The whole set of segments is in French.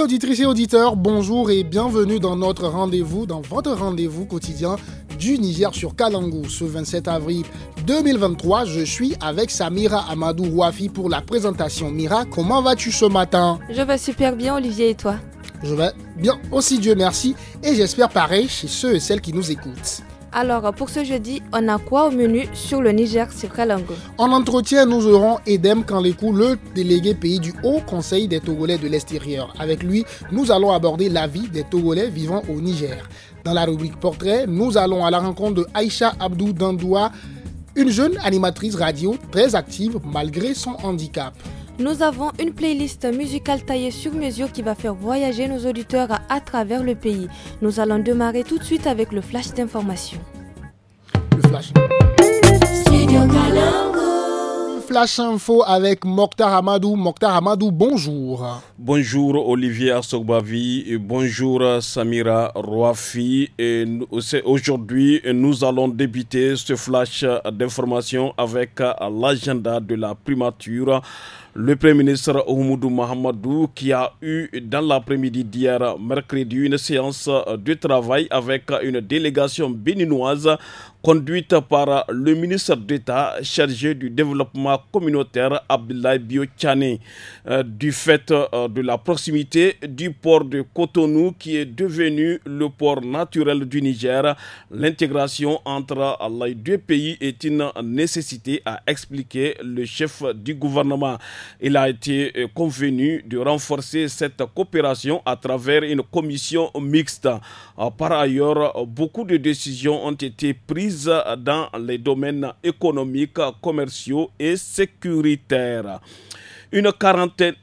auditrices et auditeurs, bonjour et bienvenue dans notre rendez-vous, dans votre rendez-vous quotidien du Niger sur Kalangou. Ce 27 avril 2023, je suis avec Samira Amadou Wafi pour la présentation. Mira, comment vas-tu ce matin Je vais super bien, Olivier, et toi Je vais bien aussi, Dieu merci, et j'espère pareil chez ceux et celles qui nous écoutent. Alors, pour ce jeudi, on a quoi au menu sur le Niger sur Kalango En entretien, nous aurons Edem Kanlekou, le délégué pays du Haut Conseil des Togolais de l'extérieur. Avec lui, nous allons aborder la vie des Togolais vivant au Niger. Dans la rubrique Portrait, nous allons à la rencontre de Aïcha Abdou Dandoua, une jeune animatrice radio très active malgré son handicap nous avons une playlist musicale taillée sur mesure qui va faire voyager nos auditeurs à, travers le pays. Nous allons démarrer tout de suite avec le flash d'information. Le flash. Info avec Mokhtar Hamadou. Mokhtar Hamadou, bonjour. Bonjour Olivier et bonjour Samira Roafi. Aujourd'hui, nous allons débuter ce flash d'information avec l'agenda de la primature le Premier ministre Oumoudou Mahamadou, qui a eu dans l'après-midi d'hier, mercredi, une séance de travail avec une délégation béninoise conduite par le ministre d'État chargé du développement communautaire Abdoulaye Biochane. Euh, du fait euh, de la proximité du port de Cotonou qui est devenu le port naturel du Niger, l'intégration entre les deux pays est une nécessité, a expliqué le chef du gouvernement. Il a été euh, convenu de renforcer cette coopération à travers une commission mixte. Euh, par ailleurs, beaucoup de décisions ont été prises dans les domaines économiques, commerciaux et sécuritaires. Une quarantaine,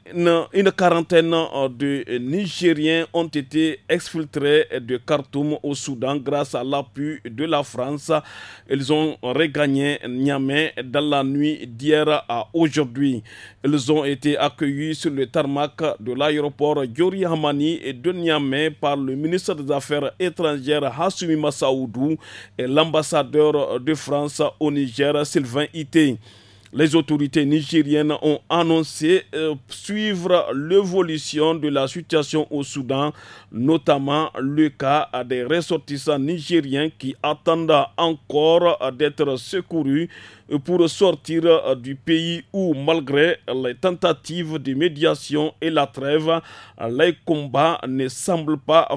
une quarantaine euh, de Nigériens ont été exfiltrés de Khartoum au Soudan grâce à l'appui de la France. Ils ont regagné Niamey dans la nuit d'hier à aujourd'hui. Ils ont été accueillis sur le tarmac de l'aéroport Yori Hamani et de Niamey par le ministre des Affaires étrangères Hassoumi Massaoudou et l'ambassadeur de France au Niger Sylvain Ité. Les autorités nigériennes ont annoncé euh, suivre l'évolution de la situation au Soudan, notamment le cas des ressortissants nigériens qui attendent encore d'être secourus pour sortir euh, du pays où, malgré les tentatives de médiation et la trêve, les combats ne semblent pas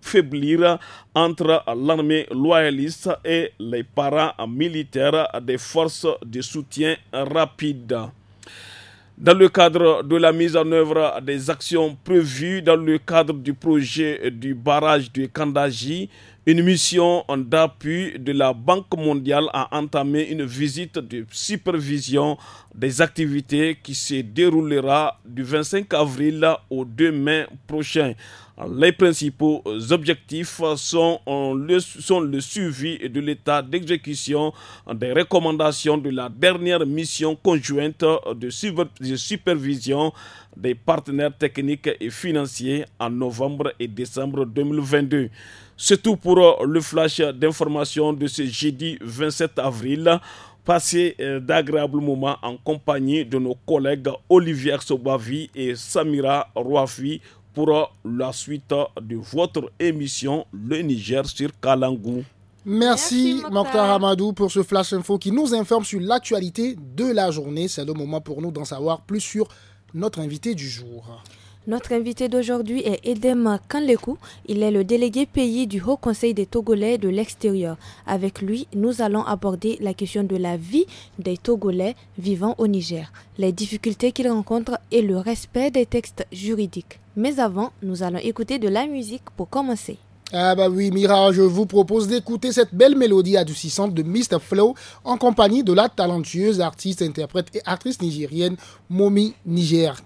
faiblir entre l'armée loyaliste et les paramilitaires des forces de soutien rapide. Dans le cadre de la mise en œuvre des actions prévues dans le cadre du projet du barrage de Kandaji, une mission d'appui de la Banque mondiale a entamé une visite de supervision des activités qui se déroulera du 25 avril au 2 mai prochain. Les principaux objectifs sont euh, le, sont le suivi de l'état d'exécution des recommandations de la dernière mission conjointe de supervision des partenaires techniques et financiers en novembre et décembre 2022. C'est tout pour euh, le flash d'information de ce jeudi 27 avril. Passez euh, d'agréables moments en compagnie de nos collègues Olivier Sobavi et Samira Rouafi pour la suite de votre émission Le Niger sur Kalangou. Merci, Merci Mokhtar Hamadou pour ce flash info qui nous informe sur l'actualité de la journée. C'est le moment pour nous d'en savoir plus sur notre invité du jour. Notre invité d'aujourd'hui est Edem Kanlekou. Il est le délégué pays du Haut Conseil des Togolais de l'extérieur. Avec lui, nous allons aborder la question de la vie des Togolais vivant au Niger, les difficultés qu'ils rencontrent et le respect des textes juridiques. Mais avant, nous allons écouter de la musique pour commencer. Ah bah oui, Mira, je vous propose d'écouter cette belle mélodie adoucissante de Mr. Flow en compagnie de la talentueuse artiste, interprète et actrice nigérienne Momi Niger.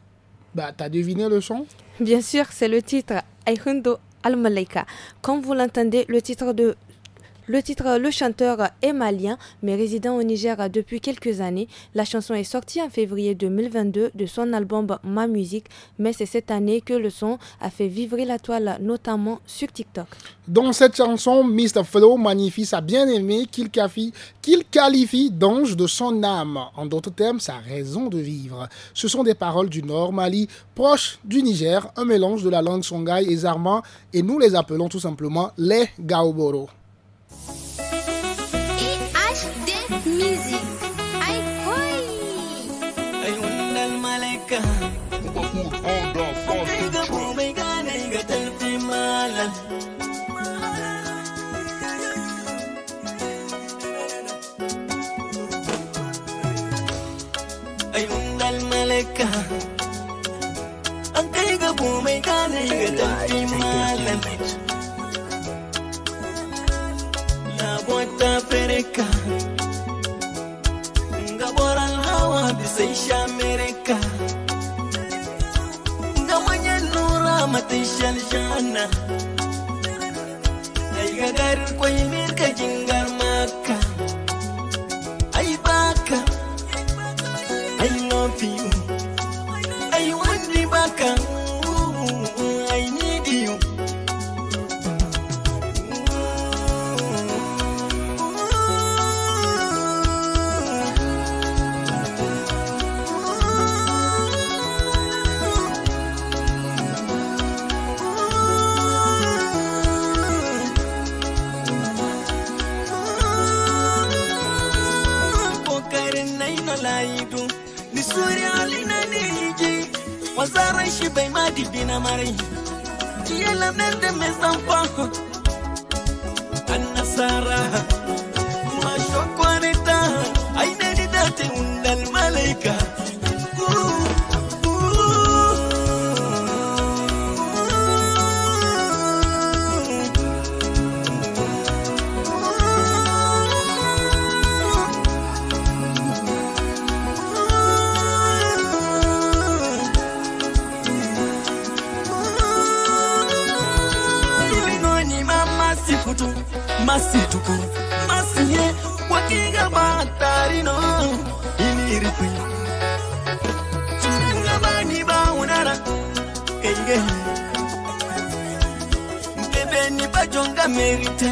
Bah, t'as deviné le son Bien sûr, c'est le titre Aihundo Al-Malaika. Comme vous l'entendez, le titre de le titre Le chanteur est malien, mais résident au Niger depuis quelques années. La chanson est sortie en février 2022 de son album Ma Musique, mais c'est cette année que le son a fait vivre la toile, notamment sur TikTok. Dans cette chanson, Mr. Flow magnifie sa bien-aimée qu'il qualifie, d'ange de son âme. En d'autres termes, sa raison de vivre. Ce sont des paroles du Nord Mali, proche du Niger, un mélange de la langue songhai et zarma, et nous les appelons tout simplement les Gaoboro. yamatarino iniripi cunga bani baunara eige mpebeni bajonga merite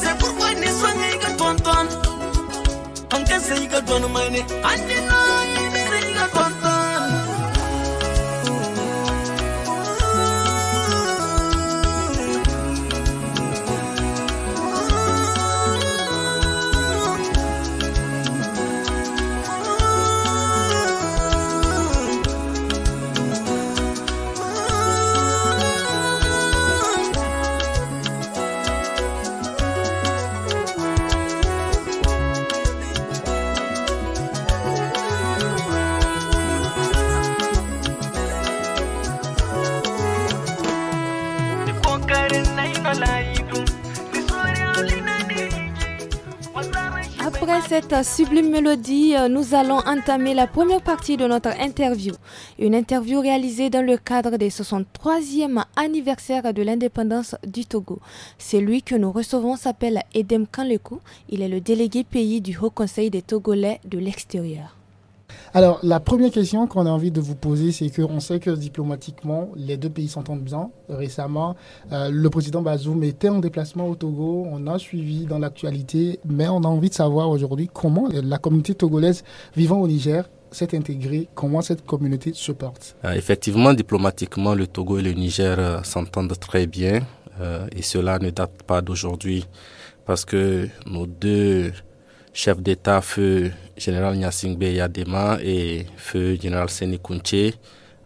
sepurkuani swange iga tontan ankeseiga tonmane andinoimeseiga tontan cette sublime mélodie, euh, nous allons entamer la première partie de notre interview. Une interview réalisée dans le cadre des 63e anniversaire de l'indépendance du Togo. Celui que nous recevons s'appelle Edem Kanleko, Il est le délégué pays du Haut Conseil des Togolais de l'extérieur. Alors, la première question qu'on a envie de vous poser, c'est qu'on sait que diplomatiquement, les deux pays s'entendent bien. Récemment, euh, le président Bazoum était en déplacement au Togo. On a suivi dans l'actualité, mais on a envie de savoir aujourd'hui comment la communauté togolaise vivant au Niger s'est intégrée, comment cette communauté se porte. Euh, effectivement, diplomatiquement, le Togo et le Niger euh, s'entendent très bien. et cela ne date pas d'aujourd'hui parce que nos deux chefs d'État feu général Nyasingbe Yadema et feu général Seni Kunche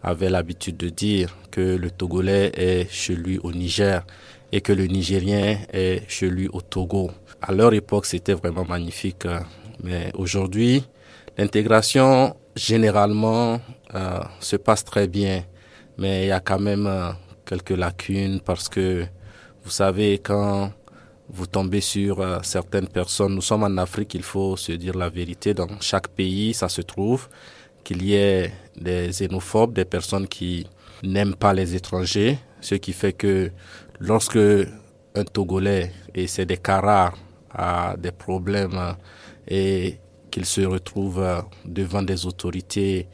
avaient l'habitude de dire que le Togolais est chez lui au Niger et que le Nigérien est chez lui au Togo. À leur époque, c'était vraiment magnifique, hein. mais aujourd'hui, l'intégration généralement euh, se passe très bien, mais il y a quand même euh, quelques lacunes parce que vous savez quand vous tombez sur euh, certaines personnes. Nous sommes en Afrique, il faut se dire la vérité. Dans chaque pays, ça se trouve qu'il y ait des xénophobes, des personnes qui n'aiment pas les étrangers, ce qui fait que lorsque un Togolais, et c'est des cas a des problèmes euh, et qu'il se retrouve euh, devant des autorités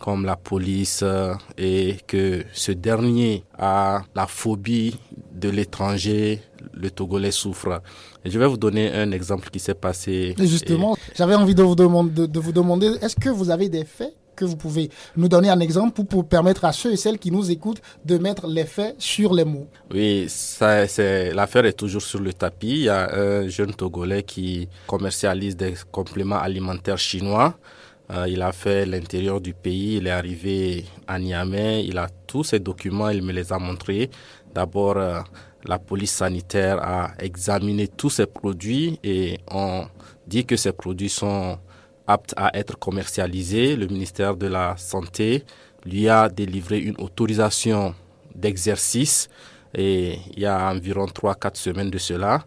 comme la police euh, et que ce dernier a la phobie de l'étranger, le Togolais souffre. je vais vous donner un exemple qui s'est passé. justement, j'avais envie de vous demander, de vous demander est-ce que vous avez des faits que vous pouvez nous donner un exemple pour, pour, permettre à ceux et celles qui nous écoutent de mettre les faits sur les mots Oui, ça, c'est, l'affaire est toujours sur le tapis. Il y a un jeune Togolais qui commercialise des compléments alimentaires chinois. Euh, il a fait l'intérieur du pays, il est arrivé à Niamey, il a tous ses documents, il me les a montrés. D'abord, euh, la police sanitaire a examiné tous ses produits et on dit que ces produits sont aptes à être commercialisés. Le ministère de la Santé lui a délivré une autorisation d'exercice et il y a environ 3-4 semaines de cela,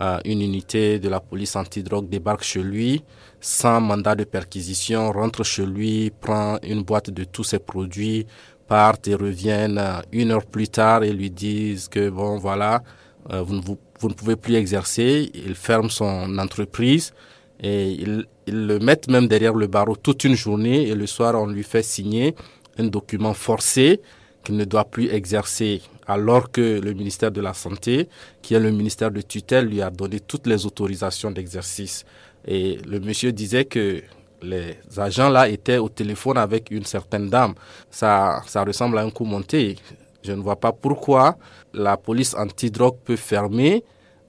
euh, une unité de la police antidrogue débarque chez lui sans mandat de perquisition, rentre chez lui, prend une boîte de tous ses produits, part et reviennent euh, une heure plus tard et lui disent que bon voilà, euh, vous, ne, vous, ne pouvez plus exercer, il ferme son entreprise et il le met même derrière le barreau toute une journée et le soir on lui fait signer un document forcé qu'il ne doit plus exercer alors que le ministère de la Santé, qui est le ministère de tutelle, lui a donné toutes les autorisations d'exercice. Et le monsieur disait que les agents là étaient au téléphone avec une certaine dame. Ça, ça ressemble à un coup monté. Je ne vois pas pourquoi la police antidrogue peut fermer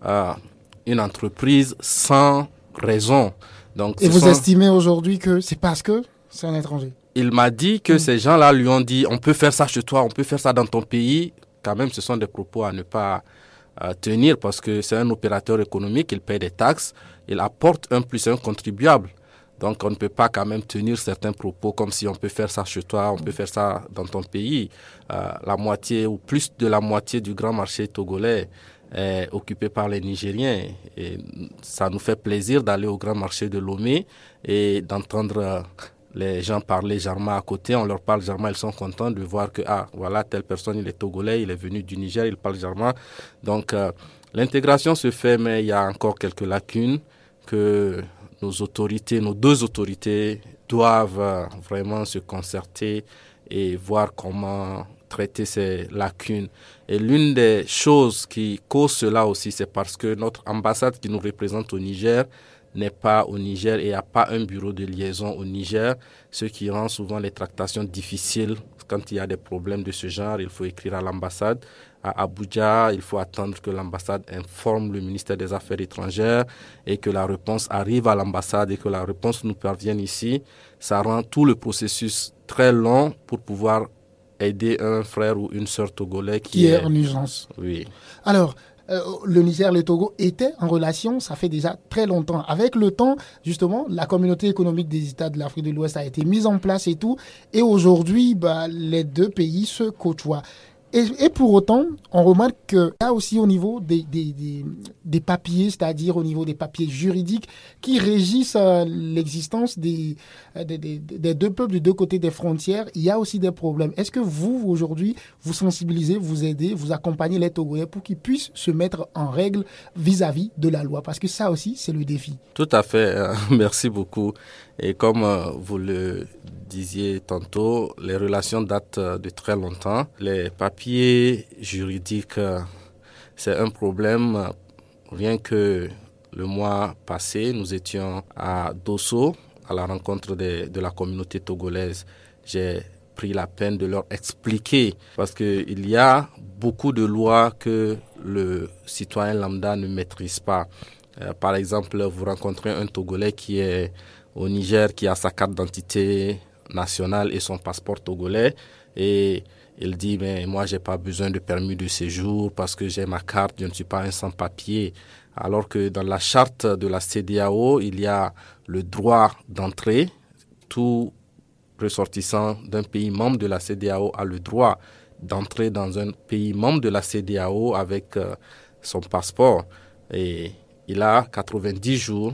euh, une entreprise sans raison. Donc, Et vous estimez aujourd'hui que c'est parce que c'est un étranger Il m'a dit que mm. ces gens-là lui ont dit on peut faire ça chez toi, on peut faire ça dans ton pays. Quand même, ce sont des propos à ne pas euh, tenir parce que c'est un opérateur économique, il paye des taxes il apporte un plus un contribuable. Donc on ne peut pas quand même tenir certains propos comme si on peut faire ça chez toi, on peut faire ça dans ton pays. Euh, la moitié ou plus de la moitié du grand marché togolais est occupé par les Nigériens. Et ça nous fait plaisir d'aller au grand marché de Lomé et d'entendre euh, les gens parler Jarma à côté. On leur parle Jarma, ils sont contents de voir que, ah, voilà, telle personne, il est togolais, il est venu du Niger, il parle Jarma. Donc euh, l'intégration se fait, mais il y a encore quelques lacunes que nos autorités, nos deux autorités doivent euh, vraiment se concerter et voir comment traiter ces lacunes. Et l'une des choses qui cause cela aussi, c'est parce que notre ambassade qui nous représente au Niger n'est pas au Niger et n'a pas un bureau de liaison au Niger, ce qui rend souvent les tractations difficiles. Quand il y a des problèmes de ce genre, il faut écrire à l'ambassade à Abuja, il faut attendre que l'ambassade informe le ministère des Affaires étrangères et que la réponse arrive à l'ambassade et que la réponse nous parvienne ici. Ça rend tout le processus très long pour pouvoir aider un frère ou une sœur togolais qui, est... en urgence. Oui. Alors, euh, le Niger, et le Togo étaient en relation, ça fait déjà très longtemps. Avec le temps, justement, la communauté économique des États de l'Afrique de l'Ouest a été mise en place et tout. Et aujourd'hui, bah, les deux pays se côtoient. Et, pour autant, on remarque que y aussi au niveau des, des, papiers, c'est-à-dire au niveau des papiers juridiques qui régissent euh, l'existence euh, des, des, deux peuples de deux côtés des frontières, il y a aussi des problèmes. Est-ce que vous, aujourd'hui, vous sensibilisez, vous aidez, vous accompagnez les Togolais pour qu'ils puissent se mettre en règle vis à -vis de la loi Parce que ça aussi, c'est le défi. Tout à fait. Hein. Merci beaucoup. Et comme euh, vous le disiez tantôt, les relations datent euh, de très longtemps. Les papiers juridiques, euh, c'est un problème. Rien que le mois passé, nous étions à Dosso, à la rencontre de, la communauté togolaise. J'ai pris la peine de leur expliquer parce qu'il y a beaucoup de lois que le citoyen lambda ne maîtrise pas. par exemple, vous rencontrez un Togolais qui est au Niger qui a sa carte d'identité nationale et son passeport togolais. Et il dit, mais moi, j'ai pas besoin de permis de séjour parce que j'ai ma carte, je ne suis pas un sans-papier. Alors que dans la charte de la CDAO, il y a le droit d'entrée. Tout ressortissant d'un pays membre de la CDAO a le droit d'entrer dans un pays membre de la CDAO avec euh, son passeport. Et il a 90 jours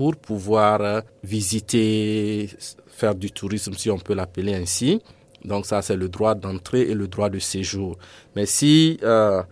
pour pouvoir euh, visiter, faire du tourisme, si on peut l'appeler ainsi. Donc ça, c'est le droit d'entrée et le droit de séjour. Mais si euh,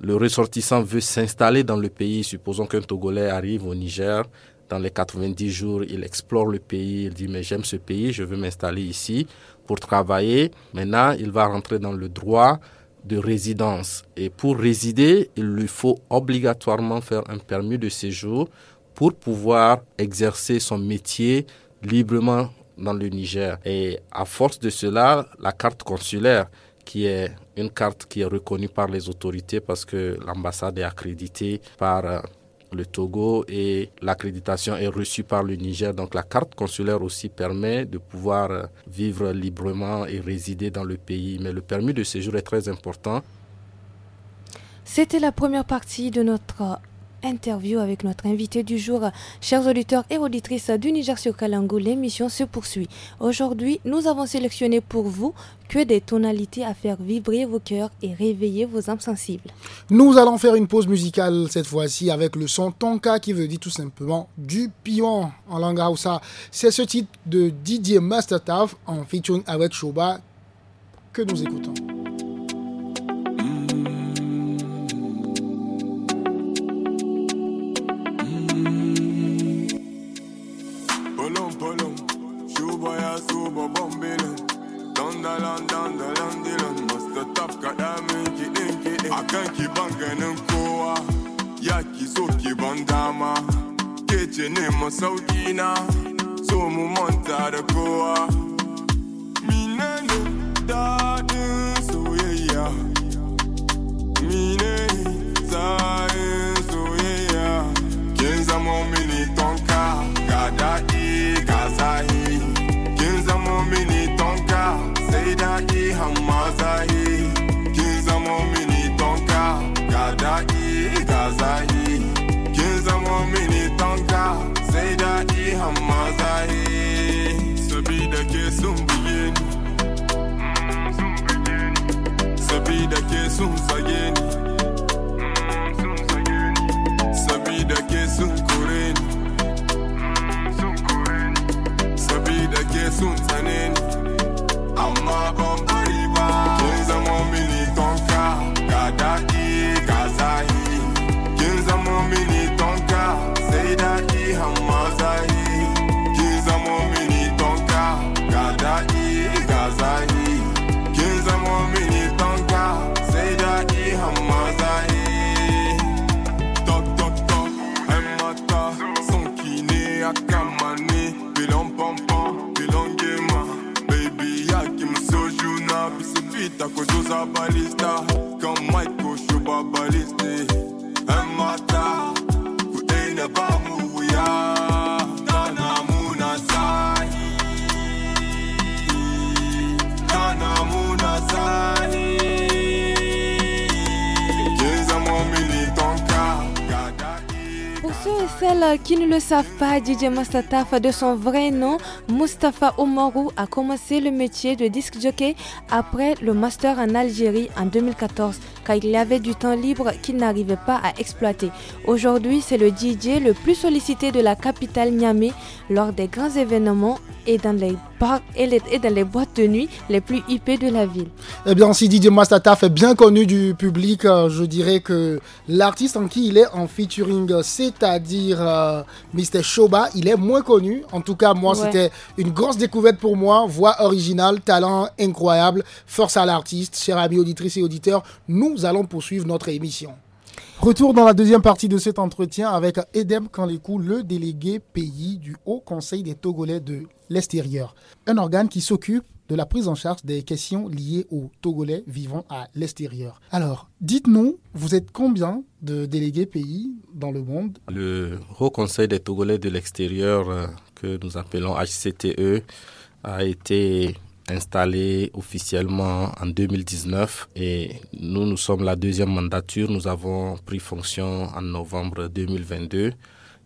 le ressortissant veut s'installer dans le pays, supposons qu'un Togolais arrive au Niger, dans les 90 jours, il explore le pays, il dit mais j'aime ce pays, je veux m'installer ici pour travailler. Maintenant, il va rentrer dans le droit de résidence. Et pour résider, il lui faut obligatoirement faire un permis de séjour pour pouvoir exercer son métier librement dans le Niger. Et à force de cela, la carte consulaire, qui est une carte qui est reconnue par les autorités parce que l'ambassade est accréditée par euh, le Togo et l'accréditation est reçue par le Niger. Donc la carte consulaire aussi permet de pouvoir euh, vivre librement et résider dans le pays. Mais le permis de séjour est très important. C'était la première partie de notre interview avec notre invité du jour. Chers auditeurs et auditrices du Niger sur Kalango, l'émission se poursuit. Aujourd'hui, nous avons sélectionné pour vous que des tonalités à faire vibrer vos cœurs et réveiller vos âmes sensibles. Nous allons faire une pause musicale cette fois-ci avec le son Tonka qui veut dire tout simplement du pion en langue Hausa. C'est ce titre de Didier Mastertaf en featuring avec Shoba que nous écoutons. Cuba, Babylon. Dunderland, Dunderland, Dylan. Must top got that minky dinky. I can keep on getting kowa. Yaki soki bandama. Kece ne masauki na. So mu manta da kowa. Minene dadin soyayya. Minene tsari. daɗi hamma zahi kin zamo mini tonka ga daɗi ga zahi kin zamo mini tonka sai daɗi hamma zahi sabida ke sun buge ni mm, sabida ke sun sage mm, ni sabida ke mm, sun kore ni sabida ke sun tsane ni Alma Sacos dos abalistas qui ne le savent pas, DJ Mustafa de son vrai nom, Mustafa Omarou, a commencé le métier de disc jockey après le master en Algérie en 2014, car il avait du temps libre qu'il n'arrivait pas à exploiter. Aujourd'hui, c'est le DJ le plus sollicité de la capitale Niamey lors des grands événements et dans les et, dans les boîtes de nuit les plus hippées de la ville. Eh bien, si Didier Mastata fait bien connu du public, euh, je dirais que l'artiste en qui il est en featuring, c'est-à-dire euh, Mr. Shoba, il est moins connu. En tout cas, moi, c'était une grosse découverte pour moi. Voix originale, talent incroyable, force à l'artiste. Chers amis auditrices et auditeurs, nous allons poursuivre notre émission. Retour dans la deuxième partie de cet entretien avec Edem Kanlekou, le délégué pays du Haut Conseil des Togolais de l'extérieur, un organe qui s'occupe de la prise en charge des questions liées aux Togolais vivant à l'extérieur. Alors, dites-nous, vous êtes combien de délégués pays dans le monde Le Haut Conseil des Togolais de l'extérieur, euh, que nous appelons HCTE, a été installé officiellement en 2019 et nous, nous sommes la deuxième mandature. Nous avons pris fonction en novembre 2022.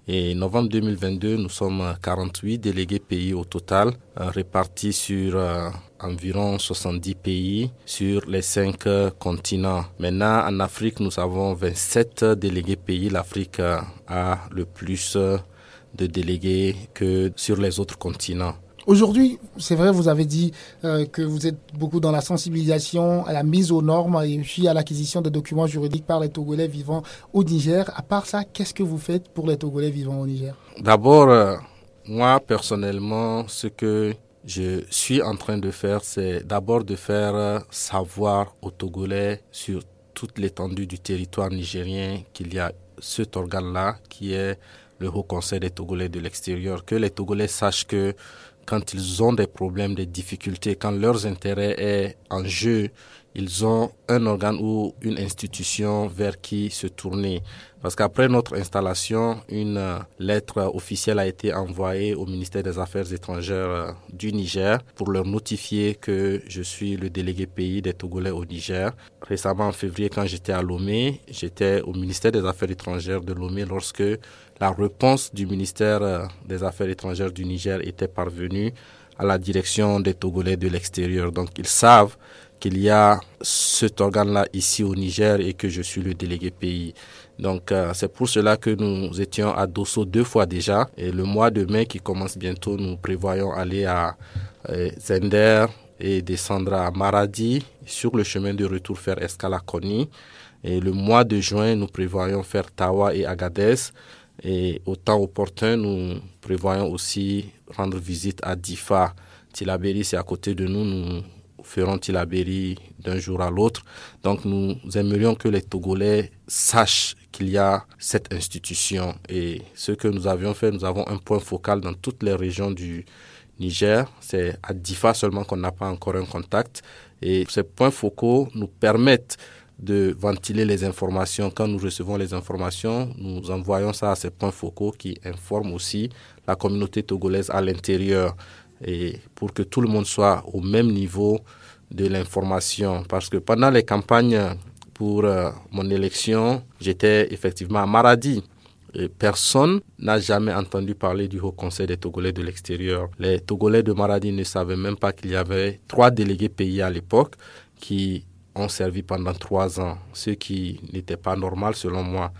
Et novembre 2022, nous sommes 48 délégués pays au total, euh, répartis sur euh, environ 70 pays sur les cinq euh, continents. Maintenant, en Afrique, nous avons 27 délégués pays. L'Afrique a le plus de délégués que sur les autres continents. Aujourd'hui, c'est vrai, vous avez dit euh, que vous êtes beaucoup dans la sensibilisation, à la mise aux normes et puis à l'acquisition des documents juridiques par les Togolais vivant au Niger. À part ça, qu'est-ce que vous faites pour les Togolais vivant au Niger D'abord, euh, moi personnellement, ce que je suis en train de faire, c'est d'abord de faire euh, savoir aux Togolais sur toute l'étendue du territoire nigérien qu'il y a cet organe-là qui est le Haut Conseil des Togolais de l'extérieur, que les Togolais sachent que quand ils ont des problèmes, des difficultés, quand leurs intérêts est en jeu, ils ont un organe ou une institution vers qui se tourner. Parce qu'après notre installation, une euh, lettre officielle a été envoyée au ministère des Affaires étrangères euh, du Niger pour leur notifier que je suis le délégué pays des Togolais au Niger. Récemment, en février, quand j'étais à Lomé, j'étais au ministère des Affaires étrangères de Lomé lorsque la réponse du ministère euh, des Affaires étrangères du Niger était parvenue à la direction des Togolais de l'extérieur. Donc ils savent qu'il y a cet organe-là ici au Niger et que je suis le délégué pays. Donc euh, c'est pour cela que nous étions à Dosso deux fois déjà et le mois de mai qui commence bientôt, nous prévoyons aller à euh, Zender et descendre à Maradi sur le chemin de retour faire escale à Et le mois de juin, nous prévoyons faire Tawa et Agadez. Et au temps opportun, nous prévoyons aussi rendre visite à Difa. Tilaberi, c'est à côté de nous. Nous feront-ils à d'un jour à l'autre. Donc nous aimerions que les Togolais sachent qu'il y a cette institution. Et ce que nous avions fait, nous avons un point focal dans toutes les régions du Niger. C'est à Difa seulement qu'on n'a pas encore un contact. Et ces points focaux nous permettent de ventiler les informations. Quand nous recevons les informations, nous envoyons ça à ces points focaux qui informent aussi la communauté togolaise à l'intérieur et pour que tout le monde soit au même niveau de l'information. Parce que pendant les campagnes pour euh, mon élection, j'étais effectivement à Maradi. Et personne n'a jamais entendu parler du Haut Conseil des Togolais de l'extérieur. Les Togolais de Maradi ne savaient même pas qu'il y avait trois délégués pays à l'époque qui ont servi pendant trois ans, ce qui n'était pas normal selon moi.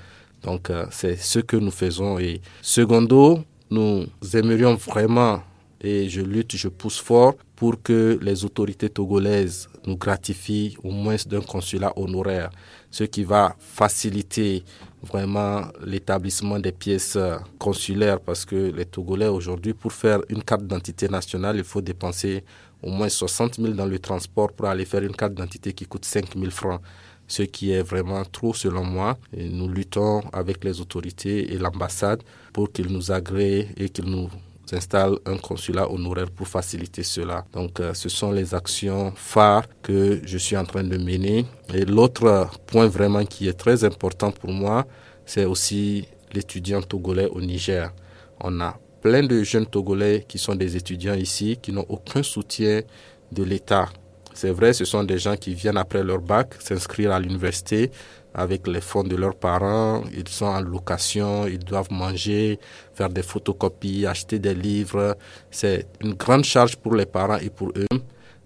Donc euh, c'est ce que nous faisons. Et secondo, nous aimerions vraiment et je lutte, je pousse fort pour que les autorités togolaises nous gratifient au moins d'un consulat honoraire, ce qui va faciliter vraiment l'établissement des pièces euh, consulaires parce que les Togolais aujourd'hui, pour faire une carte d'identité nationale, il faut dépenser au moins 60 000 dans le transport pour aller faire une carte d'identité qui coûte 5 000 francs ce qui est vraiment trop selon moi. Et nous luttons avec les autorités et l'ambassade pour qu'ils nous agréent et qu'ils nous s'installe un consulat honoraire pour faciliter cela. Donc euh, ce sont les actions phares que je suis en train de mener. Et l'autre point vraiment qui est très important pour moi, c'est aussi l'étudiant togolais au Niger. On a plein de jeunes togolais qui sont des étudiants ici, qui n'ont aucun soutien de l'État. C'est vrai, ce sont des gens qui viennent après leur bac s'inscrire à l'université, avec les fonds de leurs parents. Ils sont en location, ils doivent manger, faire des photocopies, acheter des livres. C'est une grande charge pour les parents et pour eux.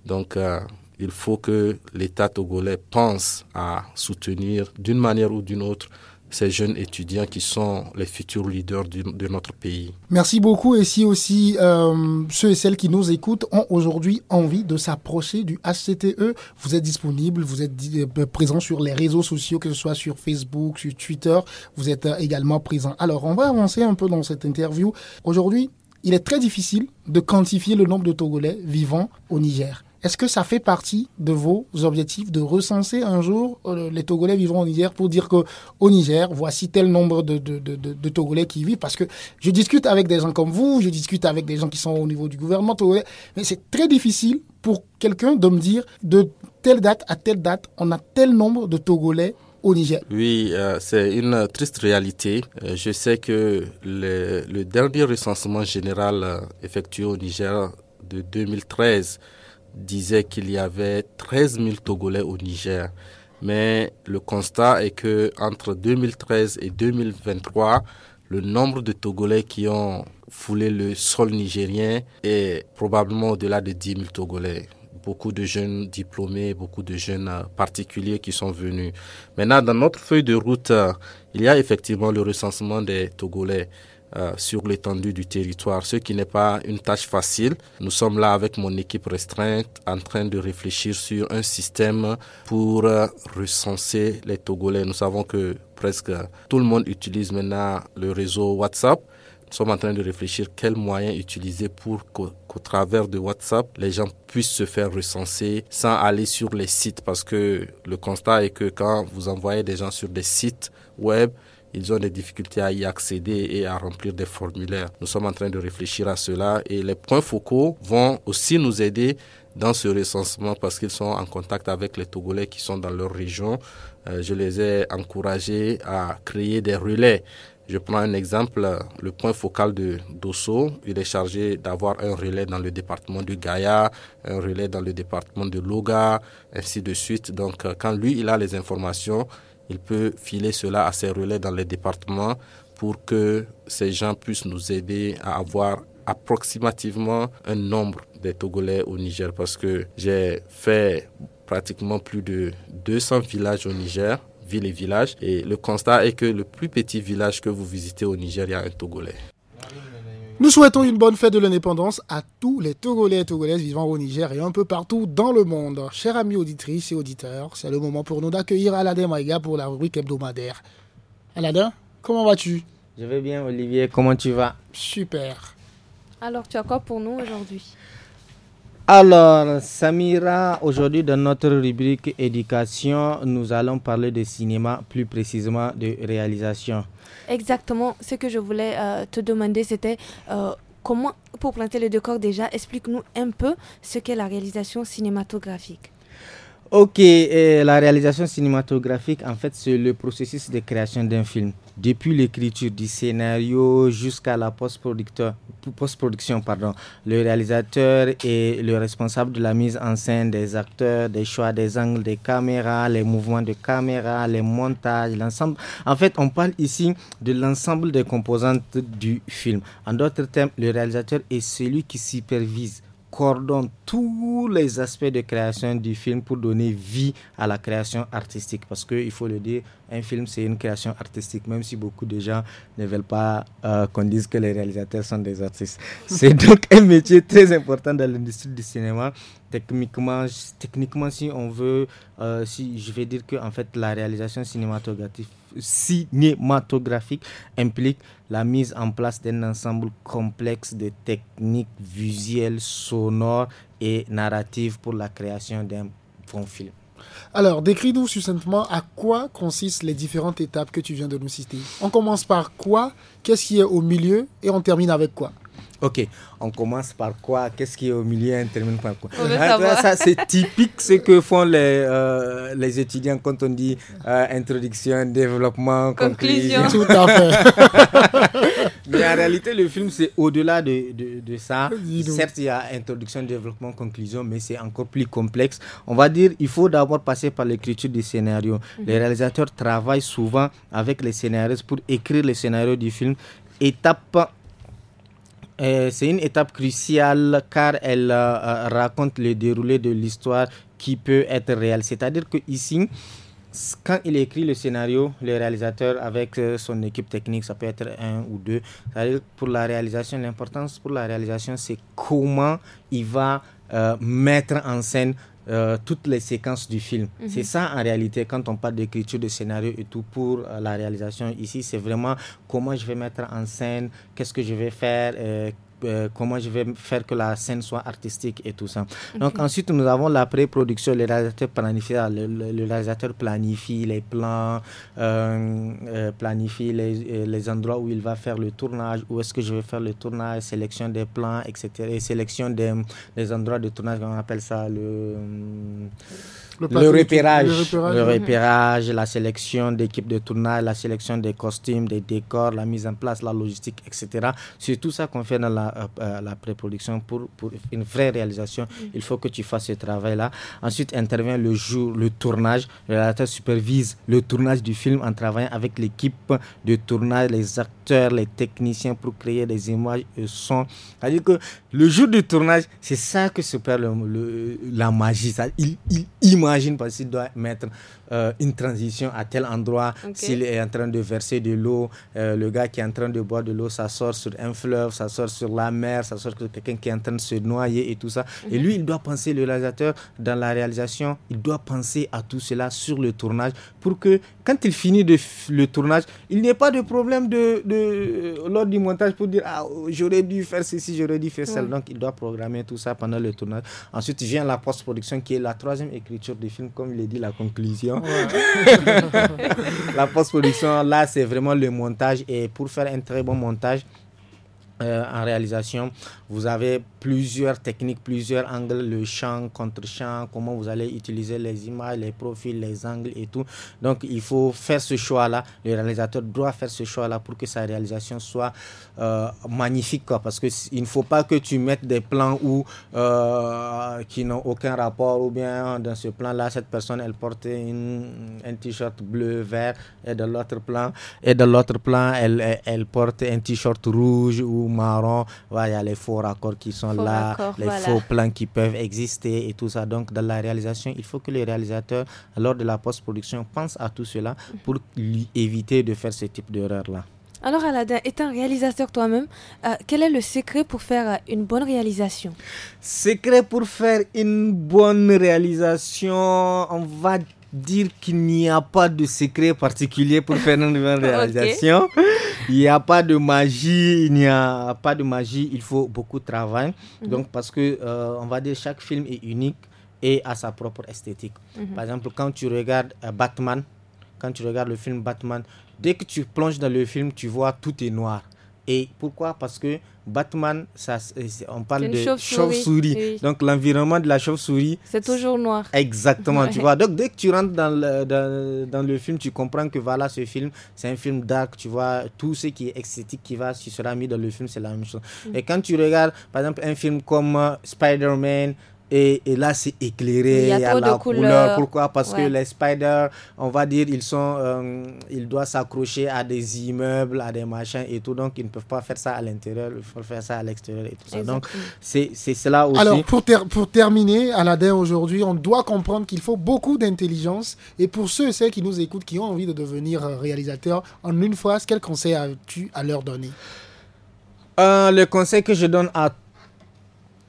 Donc, euh, il faut que l'État togolais pense à soutenir d'une manière ou d'une autre ces jeunes étudiants qui sont les futurs leaders de notre pays. Merci beaucoup. Et si aussi euh, ceux et celles qui nous écoutent ont aujourd'hui envie de s'approcher du HCTE, vous êtes disponible, vous êtes euh, présent sur les réseaux sociaux, que ce soit sur Facebook, sur Twitter, vous êtes euh, également présent. Alors, on va avancer un peu dans cette interview. Aujourd'hui, il est très difficile de quantifier le nombre de Togolais vivant au Niger. Est-ce que ça fait partie de vos objectifs de recenser un jour euh, les Togolais vivant au Niger pour dire que au Niger, voici tel nombre de, Togolais qui vivent Parce que je discute avec des gens comme vous, je discute avec des gens qui sont au niveau du gouvernement togolais, mais c'est très difficile pour quelqu'un de me dire de telle date à telle date, on a tel nombre de Togolais au Niger. Oui, euh, c'est une triste réalité. Euh, je sais que le dernier recensement général effectué au Niger de 2013 disait qu'il y avait 13 000 Togolais au Niger. Mais le constat est que entre 2013 et 2023, le nombre de Togolais qui ont foulé le sol nigérien est probablement au-delà de 10 000 Togolais. Beaucoup de jeunes diplômés, beaucoup de jeunes euh, particuliers qui sont venus. Maintenant, dans notre feuille de route, euh, il y a effectivement le recensement des Togolais. Euh, sur l'étendue du territoire, ce qui n'est pas une tâche facile. Nous sommes là avec mon équipe restreinte en train de réfléchir sur un système pour euh, recenser les Togolais. Nous savons que presque tout le monde utilise maintenant le réseau WhatsApp. Nous sommes en train de réfléchir quels moyens utiliser pour qu'au travers de WhatsApp, les gens puissent se faire recenser sans aller sur les sites. Parce que le constat est que quand vous envoyez des gens sur des sites web, ils ont des difficultés à y accéder et à remplir des formulaires. Nous sommes en train de réfléchir à cela et les points focaux vont aussi nous aider dans ce recensement parce qu'ils sont en contact avec les Togolais qui sont dans leur région. Euh, je les ai encouragés à créer des relais. Je prends un exemple, le point focal de Dosso, il est chargé d'avoir un relais dans le département du Gaïa, un relais dans le département de Loga, ainsi de suite. Donc euh, quand lui, il a les informations, il peut filer cela à ses relais dans les départements pour que ces gens puissent nous aider à avoir approximativement un nombre de Togolais au Niger parce que j'ai fait pratiquement plus de 200 villages au Niger, villes et villages, et le constat est que le plus petit village que vous visitez au Niger, il y a un Togolais. Nous souhaitons une bonne fête de l'indépendance à tous les Togolais et Togolaises vivant au Niger et un peu partout dans le monde. Chers amis auditrices et auditeurs, c'est le moment pour nous d'accueillir Aladin Maïga pour la rubrique hebdomadaire. Aladin, comment vas-tu Je vais bien Olivier, comment tu vas Super. Alors tu as quoi pour nous aujourd'hui alors, Samira, aujourd'hui dans notre rubrique éducation, nous allons parler de cinéma, plus précisément de réalisation. Exactement, ce que je voulais euh, te demander, c'était euh, comment, pour planter le décor déjà, explique-nous un peu ce qu'est la réalisation cinématographique. Ok, euh, la réalisation cinématographique, en fait, c'est le processus de création d'un film. Depuis l'écriture du scénario jusqu'à la post-production, le réalisateur est le responsable de la mise en scène des acteurs, des choix des angles des caméras, les mouvements de caméra, les montages, l'ensemble. En fait, on parle ici de l'ensemble des composantes du film. En d'autres termes, le réalisateur est celui qui supervise coordonne tous les aspects de création du film pour donner vie à la création artistique. Parce qu'il faut le dire, un film, c'est une création artistique, même si beaucoup de gens ne veulent pas euh, qu'on dise que les réalisateurs sont des artistes. C'est donc un métier très important dans l'industrie du cinéma. Techniquement, techniquement si on veut, euh, si, je vais dire que en fait, la réalisation cinématographique cinématographique implique la mise en place d'un ensemble complexe de techniques visuelles, sonores et narratives pour la création d'un bon film. Alors, décris-nous succinctement à quoi consistent les différentes étapes que tu viens de nous citer. On commence par quoi Qu'est-ce qui est au milieu Et on termine avec quoi Ok, on commence par quoi Qu'est-ce qui est au milieu On termine par quoi ah, Ça, c'est typique ce que font les, euh, les étudiants quand on dit euh, introduction, développement, conclusion. Tout à fait. Mais en réalité, le film, c'est au-delà de, de, ça. Certes, il y a introduction, développement, conclusion, mais c'est encore plus complexe. On va dire il faut d'abord passer par l'écriture du scénario. Mhm. Les réalisateurs travaillent souvent avec les scénaristes pour écrire les scénarios du film, étape euh, c'est une étape cruciale car elle euh, euh, raconte le déroulé de l'histoire qui peut être réelle. C'est-à-dire que ici, quand il écrit le scénario, le réalisateur avec son équipe technique, ça peut être un ou deux. pour la réalisation, l'importance pour la réalisation, c'est comment il va mettre en scène euh, toutes les séquences du film. Mhm. C'est ça en réalité quand on parle d'écriture de scénario et tout pour euh, la réalisation. Ici, c'est vraiment comment je vais mettre en scène, qu'est-ce que je vais faire, euh, euh, comment je vais faire que la scène soit artistique et tout ça. Donc ensuite, nous avons la pré-production, le réalisateur planifie, le, réalisateur planifie les plans, euh, euh, planifie les, endroits où il va faire le tournage, où est-ce que je vais faire le tournage, sélection des plans, etc. Et sélection des, des endroits de tournage, on appelle ça le... Le, repérage, le, repérage, la sélection d'équipes de tournage, la sélection des costumes, des décors, la mise en place, la logistique, etc. C'est tout ça qu'on fait dans la, euh, euh, la pré-production pour, pour, une vraie réalisation. Il faut que tu fasses ce travail-là. Ensuite intervient le jour, le tournage. Le réalisateur supervise le tournage du film en travaillant avec l'équipe de tournage, les acteurs, les techniciens pour créer des images et euh, sons. C'est-à-dire que le jour du tournage, c'est ça que se perd la magie. Ça, il, il, Imagine parce qu'il doit mettre euh, une transition à tel endroit. S'il est en train de verser de l'eau, euh, le gars qui est en train de boire de l'eau, ça sort sur un fleuve, ça sort sur la mer, ça sort sur quelqu'un qui est en train de se noyer et tout ça. Et mhm. lui, il doit penser, le réalisateur, dans la réalisation, il doit penser à tout cela sur le tournage pour que quand il finit de le tournage, il n'y ait pas de problème de, euh, lors du montage pour dire ah, oh, j'aurais dû faire ceci, j'aurais dû faire cela Donc il doit programmer tout ça pendant le tournage. Ensuite vient la post-production qui est la troisième écriture du film, comme il dit, la conclusion. la post-production, là, c'est vraiment le montage. Et pour faire un très bon montage, euh, en réalisation, vous avez plusieurs techniques, plusieurs angles, le champ, contre-champ, comment vous allez utiliser les images, les profils, les angles et tout. Donc, il faut faire ce choix-là. Le réalisateur doit faire ce choix-là pour que sa réalisation soit euh, magnifique, quoi. Parce qu'il ne faut pas que tu mettes des plans où, euh, qui n'ont aucun rapport, ou bien hein, dans ce plan-là, cette personne, elle porte une, un t-shirt bleu, vert, et de l'autre plan, et de l'autre plan, elle, elle, elle porte un t-shirt rouge ou marron, il y a les faux raccords qui sont là, les faux plans qui peuvent exister et tout ça. Donc, dans la réalisation, il faut que les réalisateurs, lors de la post-production, pensent à tout cela pour éviter de faire ce type d'erreur-là. Alors Aladdin, étant réalisateur toi-même, euh, quel est le secret pour faire euh, une bonne réalisation Secret pour faire une bonne réalisation, on va dire qu'il n'y a pas de secret particulier pour faire une nouvelle réalisation. Il n'y a pas de magie, il n'y a pas de magie, il faut beaucoup de travail. Mhm. Donc parce que euh, on va dire chaque film est unique et a sa propre esthétique. Mhm. Par exemple, quand tu regardes euh, Batman, quand tu regardes le film Batman, dès que tu plonges dans le film, tu vois tout est noir. Et pourquoi Parce que Batman, ça, on parle de chauve-souris. Donc l'environnement de la chauve-souris. C'est toujours noir. Exactement, tu vois. Donc dès que tu rentres dans le, dans, le film, tu comprends que voilà, ce film, c'est un film dark, tu vois. Tout ce qui est esthétique qui, va, qui sera mis dans le film, c'est la même chose. Mm. Et quand tu regardes, par exemple, un film comme euh, Spider-Man, et, là, c'est éclairé. Il y a, trop la de couleur. Pourquoi Parce que les spiders, on va dire, ils sont, euh, ils doivent s'accrocher à des immeubles, à des machins et tout. Donc, ils ne peuvent pas faire ça à l'intérieur. Il faut faire ça à l'extérieur et tout ça. Donc, c'est cela aussi. Alors, pour, pour terminer, Aladdin, aujourd'hui, on doit comprendre qu'il faut beaucoup d'intelligence. Et pour ceux et celles qui nous écoutent, qui ont envie de devenir euh, réalisateurs, en une phrase, quel conseil as-tu à leur donner euh, Le conseil que je donne à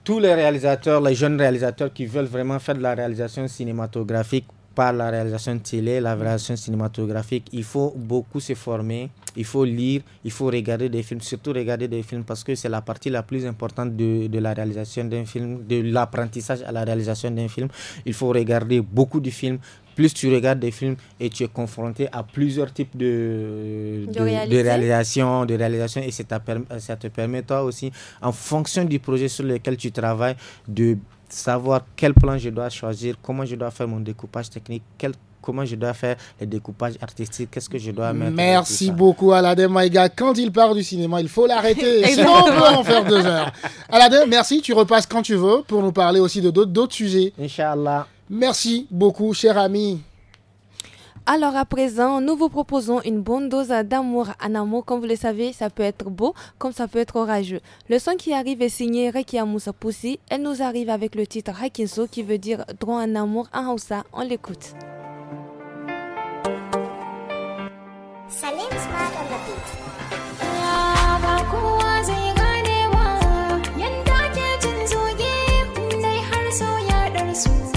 tous les réalisateurs, les jeunes réalisateurs qui veulent vraiment faire de la réalisation cinématographique par la réalisation télé, la mm. réalisation cinématographique. Il faut beaucoup se former, il faut lire, il faut regarder des films, surtout regarder des films parce que c'est la partie la plus importante de, de la réalisation d'un film, de l'apprentissage à la réalisation d'un film. Il faut regarder beaucoup de films. Plus tu regardes des films et tu es confronté à plusieurs types de, de, de réalisations, de réalisation, et ça te permet toi aussi, en fonction du projet sur lequel tu travailles, de savoir quel plan je dois choisir, comment je dois faire mon découpage technique, quel, comment je dois faire le découpage artistique, qu'est-ce que je dois mettre. Merci beaucoup Aladin Maïga. Quand il part du cinéma, il faut l'arrêter. Sinon, on peut en faire deux heures. Aladin, merci. Tu repasses quand tu veux pour nous parler aussi de d'autres sujets. Inch'Allah. Merci beaucoup, cher ami. Alors à présent, nous vous proposons une bonne dose d'amour en amour. Comme vous le savez, ça peut être beau comme ça peut être orageux. Le son qui arrive est signé Riki Amusa Poussi. Elle nous arrive avec le titre Hakinso qui veut dire droit en amour en Hausa. On l'écoute. on the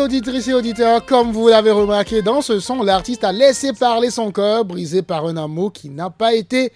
auditrices et auditeurs, comme vous l'avez remarqué dans ce son, l'artiste a laissé parler son corps, brisé par un amour qui n'a pas été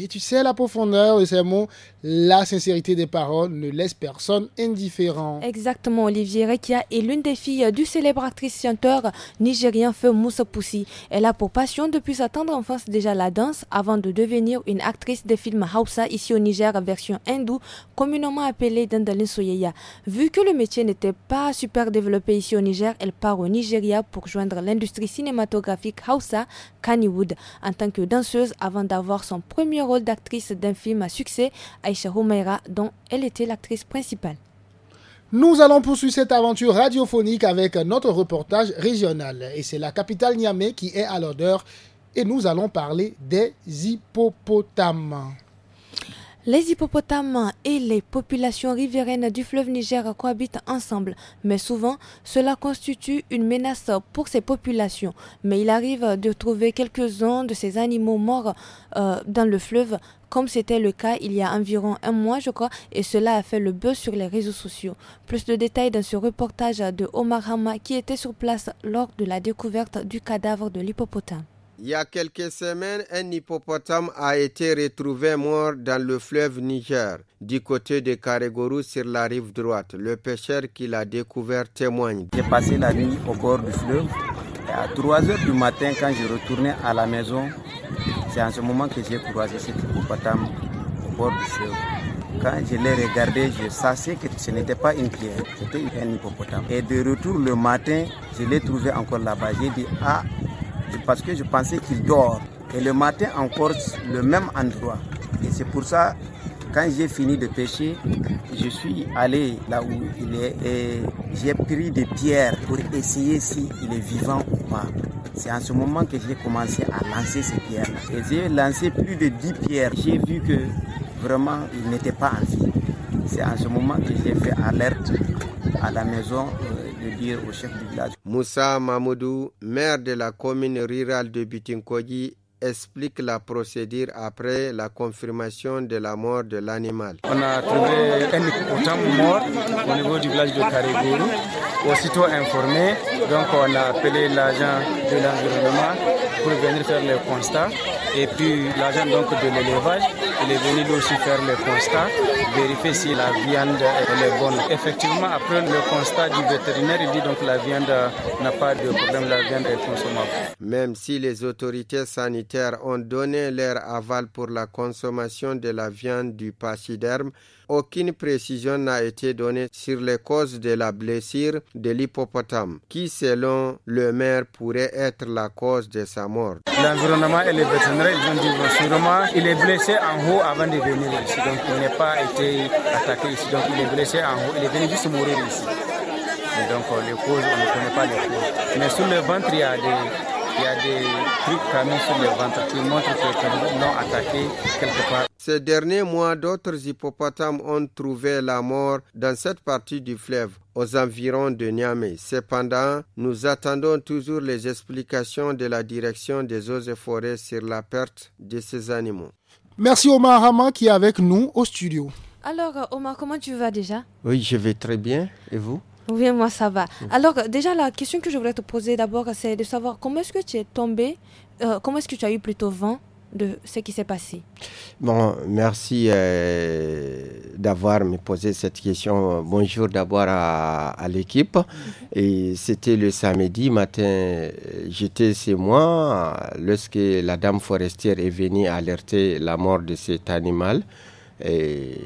et tu sais, la profondeur de ces mots, la sincérité des paroles ne laisse personne indifférent. Exactement, Olivier Rekia est l'une des filles du célèbre actrice-chanteur nigérien Feu Moussa Poussi. Elle a pour passion depuis sa tendre enfance déjà la danse avant de devenir une actrice des films Hausa ici au Niger version hindoue, communément appelée Dandalin Soyeya. Vu que le métier n'était pas super développé ici au Niger, elle part au Nigeria pour joindre l'industrie cinématographique Hausa Kannywood en tant que danseuse avant d'avoir son premier rôle d'actrice d'un film à succès, Aisha Humaira, dont elle était l'actrice principale. Nous allons poursuivre cette aventure radiophonique avec notre reportage régional. Et c'est la capitale Niamey qui est à l'odeur. Et nous allons parler des hippopotames. Les hippopotames et les populations riveraines du fleuve Niger cohabitent ensemble, mais souvent cela constitue une menace pour ces populations. Mais il arrive de trouver quelques-uns de ces animaux morts euh, dans le fleuve, comme c'était le cas il y a environ un mois, je crois, et cela a fait le buzz sur les réseaux sociaux. Plus de détails dans ce reportage de Omar Hama qui était sur place lors de la découverte du cadavre de l'hippopotame. Il y a quelques semaines, un hippopotame a été retrouvé mort dans le fleuve Niger, du côté de Karigoro, sur la rive droite. Le pêcheur qui l'a découvert témoigne. J'ai passé la nuit au bord du fleuve et à 3 heures du matin, quand je retournais à la maison, c'est en ce moment que j'ai croisé cet hippopotame au bord du fleuve. Quand je l'ai regardé, je savais que ce n'était pas une pierre, c'était un hippopotame. Et de retour le matin, je l'ai trouvé encore là-bas. J'ai dit, ah, parce que je pensais qu'il dort. Et le matin encore, le même endroit. Et c'est pour ça, quand j'ai fini de pêcher, je suis allé là où il est et j'ai pris des pierres pour essayer s'il il est vivant ou pas. C'est en ce moment que j'ai commencé à lancer ces pierres. Et j'ai lancé plus de 10 pierres. J'ai vu que vraiment, il n'était pas en vie. C'est en ce moment que j'ai fait alerte à la maison euh, dire au chef du village. Moussa Mamoudou, maire de la commune rurale de Bitinkogi, explique la procédure après la confirmation de la mort de l'animal. On a trouvé un autant mort au niveau du village de Karigourou, Aussitôt informé, donc on a appelé l'agent de l'environnement pour venir faire le constat. Et puis l'agent donc de l'élevage, il est venu aussi faire le constat vérifier si la viande est bonne. Effectivement, après le constat du vétérinaire, il dit donc la viande n'a pas de problème, la viande est consommable. Même si les autorités sanitaires ont donné leur aval pour la consommation de la viande du pachyderme, aucune précision n'a été donnée sur les causes de la blessure de l'hippopotame, qui selon le maire pourrait être la cause de sa mort. L'environnement et les vétérinaires, ils ont dit sûrement, il est blessé en haut avant de venir ici, donc il n'est pas été attaqué ici, donc il est blessé en haut, il est venu juste mourir ici. donc euh, les causes, on ne connaît pas les causes. Mais sur le ventre, il y a des il y a des trucs qui sur les qui montrent que l'ont attaqué quelque part. Ces derniers mois, d'autres hippopotames ont trouvé la mort dans cette partie du fleuve, aux environs de Niamey. Cependant, nous attendons toujours les explications de la direction des eaux et forêts sur la perte de ces animaux. Merci Omar Hama qui est avec nous au studio. Alors Omar, comment tu vas déjà Oui, je vais très bien. Et vous oui, moi ça va. Mm. Alors déjà la question que je voudrais te poser d'abord, c'est de savoir comment est-ce que tu es tombé, euh, comment est-ce que tu as eu plutôt vent de ce qui s'est passé. Bon, merci euh, d'avoir me posé cette question. Bonjour d'abord à, l'équipe. Mm-hmm. Et c'était le samedi matin, j'étais chez moi lorsque la dame forestière est venue alerter la mort de cet animal. Et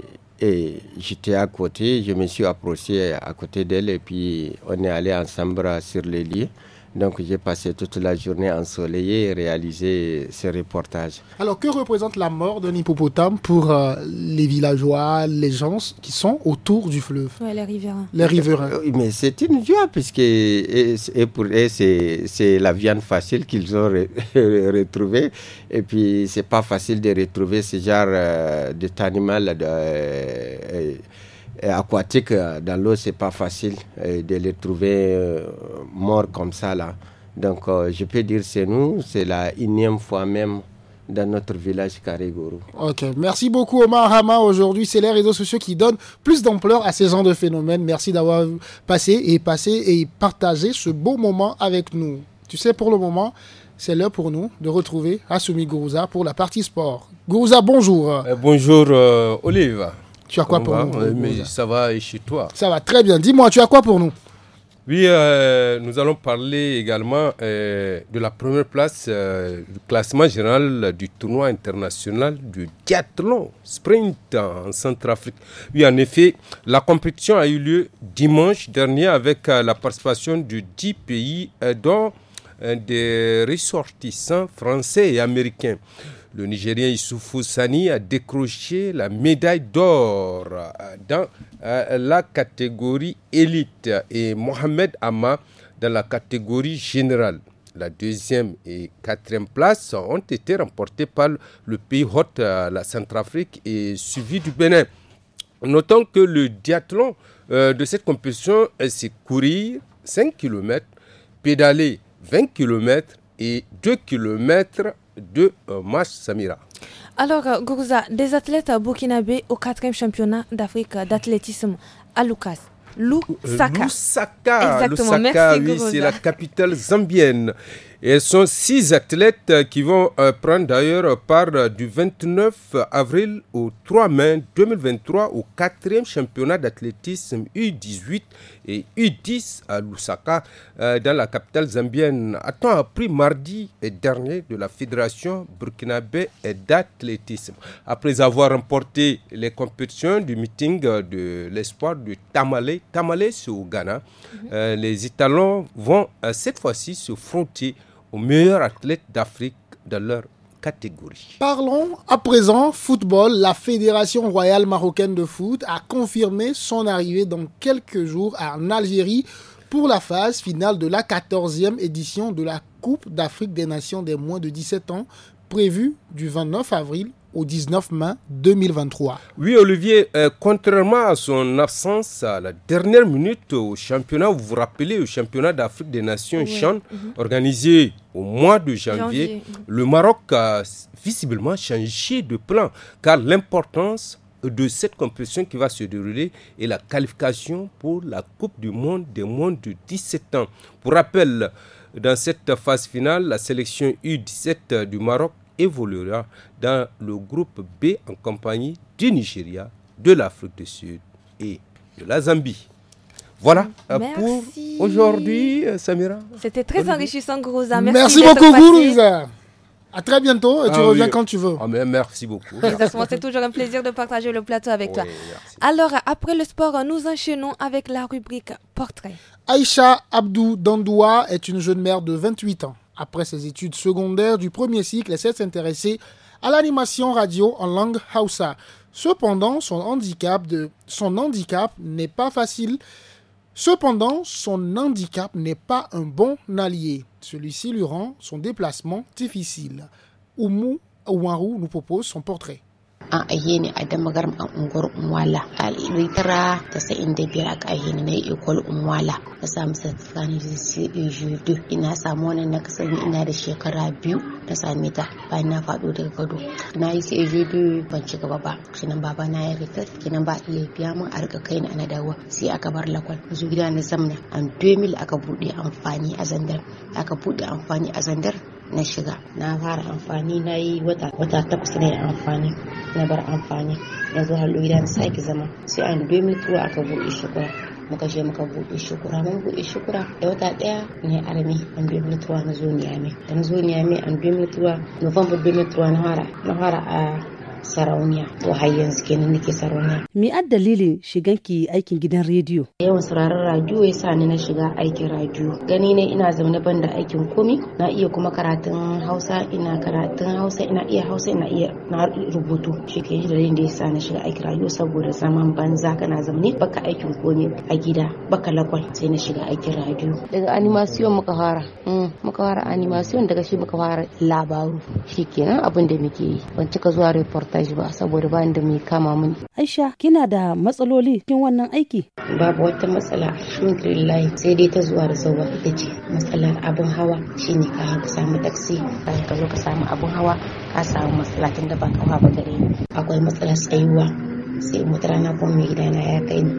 et j'étais à côté, je me suis approché à côté d'elle et puis on est allé ensemble sur les lieux. Donc j'ai passé toute la journée ensoleillée et réalisé ce reportage. Alors que représente la mort d'un hippopotame pour euh, les villageois, les gens qui sont autour du fleuve ouais, Les riverains. Les riverains. Euh, mais c'est une joie puisque et, pour c'est la viande facile qu'ils ont retrouvée et puis c'est pas facile de retrouver ce genre euh, de d'animal. Euh, aquatique, euh, dans l'eau, c'est pas facile euh, de les trouver euh, morts comme ça là. Donc, je peux dire c'est nous, c'est la énième fois même dans notre village Karigoro. Ok, merci beaucoup Omar Hama. Aujourd'hui, c'est les réseaux sociaux qui donnent plus d'ampleur à ces gens de phénomènes. Merci d'avoir passé et passé et partagé ce beau moment avec nous. Tu sais, pour le moment, c'est l'heure pour nous de retrouver Asumi Gourouza pour la partie sport. Gourouza, bonjour. bonjour Olive. Tu as quoi pour nous euh, Mais ça va et chez toi Ça va très bien. Dis-moi, tu as quoi pour nous Oui, euh, nous allons parler également euh, de la première place du classement général du tournoi international du diathlon sprint en Centrafrique. Oui, en effet, la compétition a eu lieu dimanche dernier avec la participation de 10 pays, dont des ressortissants français et américains le Nigérien Issoufou Sani a décroché la médaille d'or dans euh, la catégorie élite et Mohamed Ama dans la catégorie générale. La deuxième et quatrième place ont été remportées par le pays hôte, euh, la Centrafrique, et suivi du Bénin. Notons que le diathlon euh, de cette compétition, c'est courir 5 km, pédaler 20 km et 2 km de euh, Mas Samira. Alors, euh, Gourza, des athlètes burkinabés au 4e championnat d'Afrique d'athlétisme à Lucas. Lusaka. Euh, Exactement. c'est la capitale zambienne. Et ce sont six athlètes euh, qui vont euh, prendre d'ailleurs euh, part du 29 avril au 3 mai 2023 au quatrième championnat d'athlétisme U18 et U10 à Lusaka dans la capitale zambienne. A t appris mardi dernier de la Fédération burkinabé d'athlétisme Après avoir remporté les compétitions du meeting de l'espoir de Tamale, Tamale c'est au Ghana, mhm. les Italiens vont cette fois-ci se fronter aux meilleurs athlètes d'Afrique de leur catégorie. Parlons à présent football. La Fédération royale marocaine de foot a confirmé son arrivée dans quelques jours en Algérie pour la phase finale de la 14e édition de la Coupe d'Afrique des Nations des moins de 17 ans, prévue du 29 avril au 19 mai 2023. Oui, Olivier, euh, contrairement à son absence à la dernière minute au championnat, vous vous rappelez, au championnat d'Afrique des Nations, mhm. organisé au mois de janvier, mhm. le Maroc a visiblement changé de plan, car l'importance de cette compétition qui va se dérouler est la qualification pour la Coupe du Monde des moins de 17 ans. Pour rappel, dans cette phase finale, la sélection U17 du Maroc évoluera dans le groupe B en compagnie du Nigeria, de l'Afrique du Sud et de la Zambie. Voilà euh, pour aujourd'hui, euh, Samira. C'était très enrichissant, Gourouza. Merci, beaucoup, Gourouza. À très bientôt et tu ah reviens quand tu veux. Ah, mais merci beaucoup. C'est toujours un plaisir de partager le plateau avec toi. Alors, après le sport, nous enchaînons avec la rubrique portrait. Aïcha Abdou Dandoua est une jeune mère de 28 ans. Après ses études secondaires du premier cycle, elle s'est intéressée à l'animation radio en langue Hausa. Cependant, son handicap de son handicap n'est pas facile. Cependant, son handicap n'est pas un bon allié. Celui-ci lui rend son déplacement difficile. Oumu Ouaru nous propose son portrait. an aihe ni a damagaram a unguwar unwala a litara ta sa'in da biyar aka aihe ni na yi ikwal unwala na samu satifani da judo ina samu wannan na kasance ina da shekara biyu na same ta bayan na faɗo daga gado na yi sai judo e e ban ci gaba ba kinan baba na ya rikar kinan ba iya biya mun a rika kai na ana dawo sai aka bar lakwal zu gida na zamna an 2000 aka buɗe amfani a zandar aka buɗe amfani a zandar na shiga na fara amfani na yi wata wata takwas na yi amfani na bar amfani yanzu har gida na sake zama sai an domin tuwa aka buɗe shukura muka je muka buɗe shukura mun buɗe shukura da wata ɗaya ne armi an domin tuwa na zo niyami da na zo niyami an domin tuwa november domin tuwa na fara na fara a sarauniya to har yanzu kenan nake sarauniya me a dalilin shigan ki aikin gidan rediyo yawan sauraron radiyo sa ni na shiga aikin radiyo gani ne ina zaune ban da aikin komi na iya kuma karatun Hausa ina karatun Hausa ina iya Hausa ina iya na rubutu shi ke dalilin da sa na shiga aikin radiyo saboda zaman banza kana zaune baka aikin komi a gida baka lakwal sai na shiga aikin radiyo daga animasiyon muka fara mm, muka fara animasiyon daga shi muka fara labaru kenan abin da muke yi ban cika zuwa report tashi ba saboda ba da mai kama mini. Aisha kina da matsaloli cikin wannan aiki? Babu wata matsala alhamdulillah sai dai ta zuwa da sauwa ita ce matsalar abin hawa shine ka hau ka samu taxi ka zo ka samu abin hawa ka samu matsala tun da ba kawa ba gare ni akwai matsala tsayuwa sai mu rana ko mai gidana ya kai ni.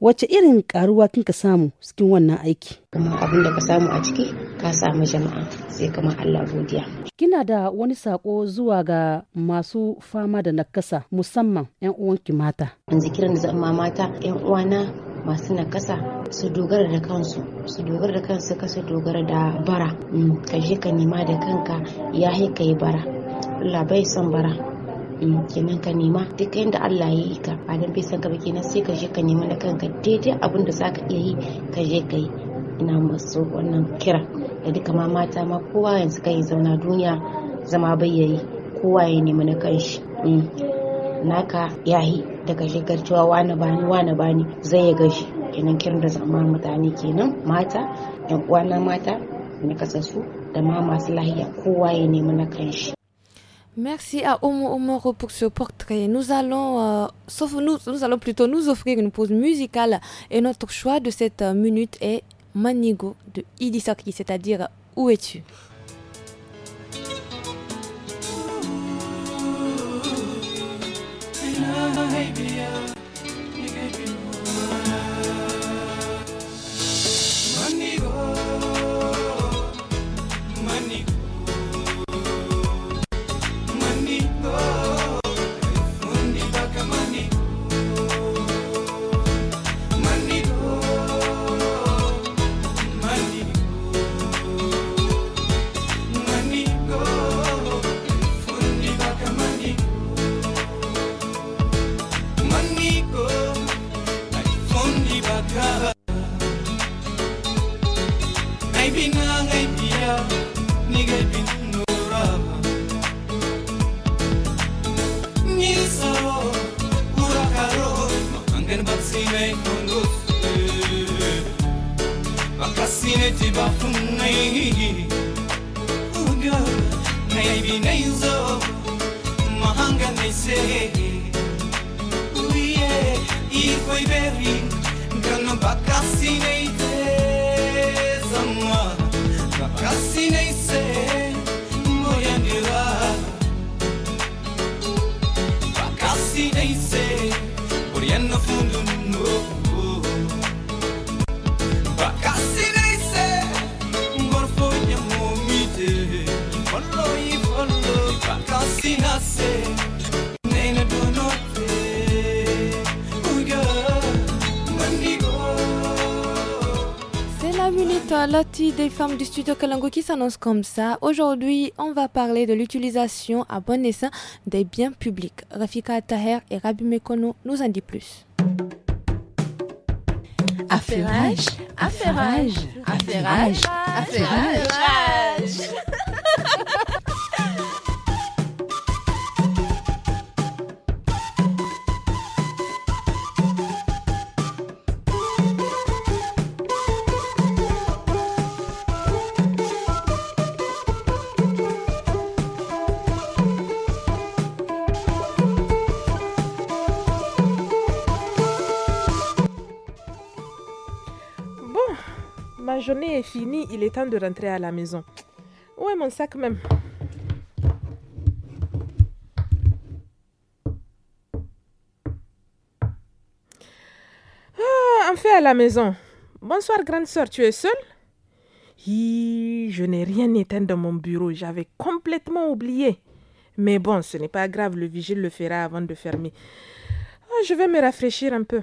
Wace irin karuwa kinka samu cikin wannan aiki? Kuma abin da ka samu a ciki ka samu jama'a sai kama Allah godiya. Kina da wani sako zuwa ga masu fama da nakasa musamman 'yan uwanki mata. an kiran da zama mata 'yan uwana masu nakasa su dogara da kansu su dogara da kansu su dogara da bara mm, ka je ka nema da kanka ya ka yi bara Allah bai son bara mm, kenan ka nema duk yadda Allah ya yi ka ba don bai san ka ba kenan sai ka je ka nema da kanka daidai abin da zaka iya yi ka je ka yi ina masu wannan kira da duka ma mata ma kowa yanzu kan zauna duniya zama bayyayi kowa ya nemi na kanshi mm. naka yahi daga shigar cewa wani bani wani bani zai ya gashi kenan kiran da zama mutane kenan mata yan uwana mata na kasasu da ma masu lahiya kowa ya nemi na kanshi Merci à Omo Omoro pour ce portrait. Nous allons, euh, sauf nous, nous allons plutôt nous offrir une pause musicale et notre choix de cette euh, minute est Manigo de Idisaki, c'est-à-dire Où es-tu divagar des femmes du studio Kalango qui s'annonce comme ça. Aujourd'hui, on va parler de l'utilisation à bon escient des biens publics. Rafika Taher et Rabi Mekono nous en disent plus. affairage, journée est finie, il est temps de rentrer à la maison. Où est mon sac même Ah, enfin à la maison. Bonsoir grande sœur, tu es seule je n'ai rien éteint dans mon bureau, j'avais complètement oublié. Mais bon, ce n'est pas grave, le vigile le fera avant de fermer. Ah, je vais me rafraîchir un peu.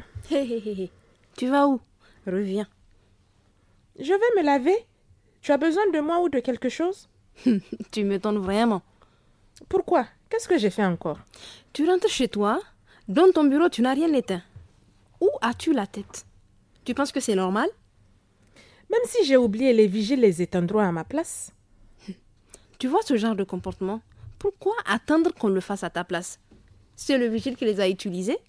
Tu vas où Reviens. Je vais me laver. Tu as besoin de moi ou de quelque chose Tu me m'étonnes vraiment. Pourquoi Qu'est-ce que j'ai fait encore Tu rentres chez toi, dans ton bureau, tu n'as rien éteint. Où as-tu la tête Tu penses que c'est normal Même si j'ai oublié les vigiles les éteindront à ma place. Tu vois ce genre de comportement Pourquoi attendre qu'on le fasse à ta place C'est le vigile qui les a utilisés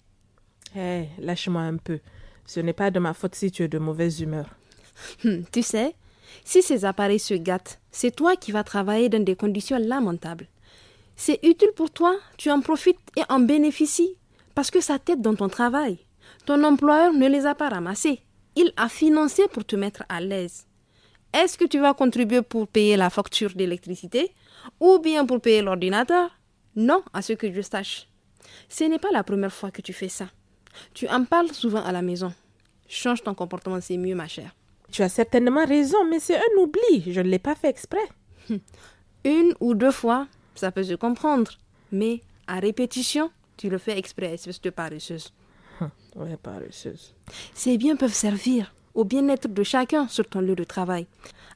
Hé, eh, lâche-moi un peu. Ce n'est pas de ma faute si tu es de mauvaise humeur. Hmm, tu sais, si ces appareils se gâtent, c'est toi qui vas travailler dans des conditions lamentables. C'est utile pour toi, tu en profites et en bénéficies, parce que ça t'aide dans ton travail. Ton employeur ne les a pas ramassés. Il a financé pour te mettre à l'aise. Est-ce que tu vas contribuer pour payer la facture d'électricité ou bien pour payer l'ordinateur Non, à ce que je sache. Ce n'est pas la première fois que tu fais ça. Tu en parles souvent à la maison. Change ton comportement, c'est mieux, ma chère. Tu as certainement raison, mais c'est un oubli. Je ne l'ai pas fait exprès. Une ou deux fois, ça peut se comprendre. Mais à répétition, tu le fais exprès, espèce de paresseuse. Oui, paresseuse. Ces biens peuvent servir au bien-être de chacun sur ton lieu de travail.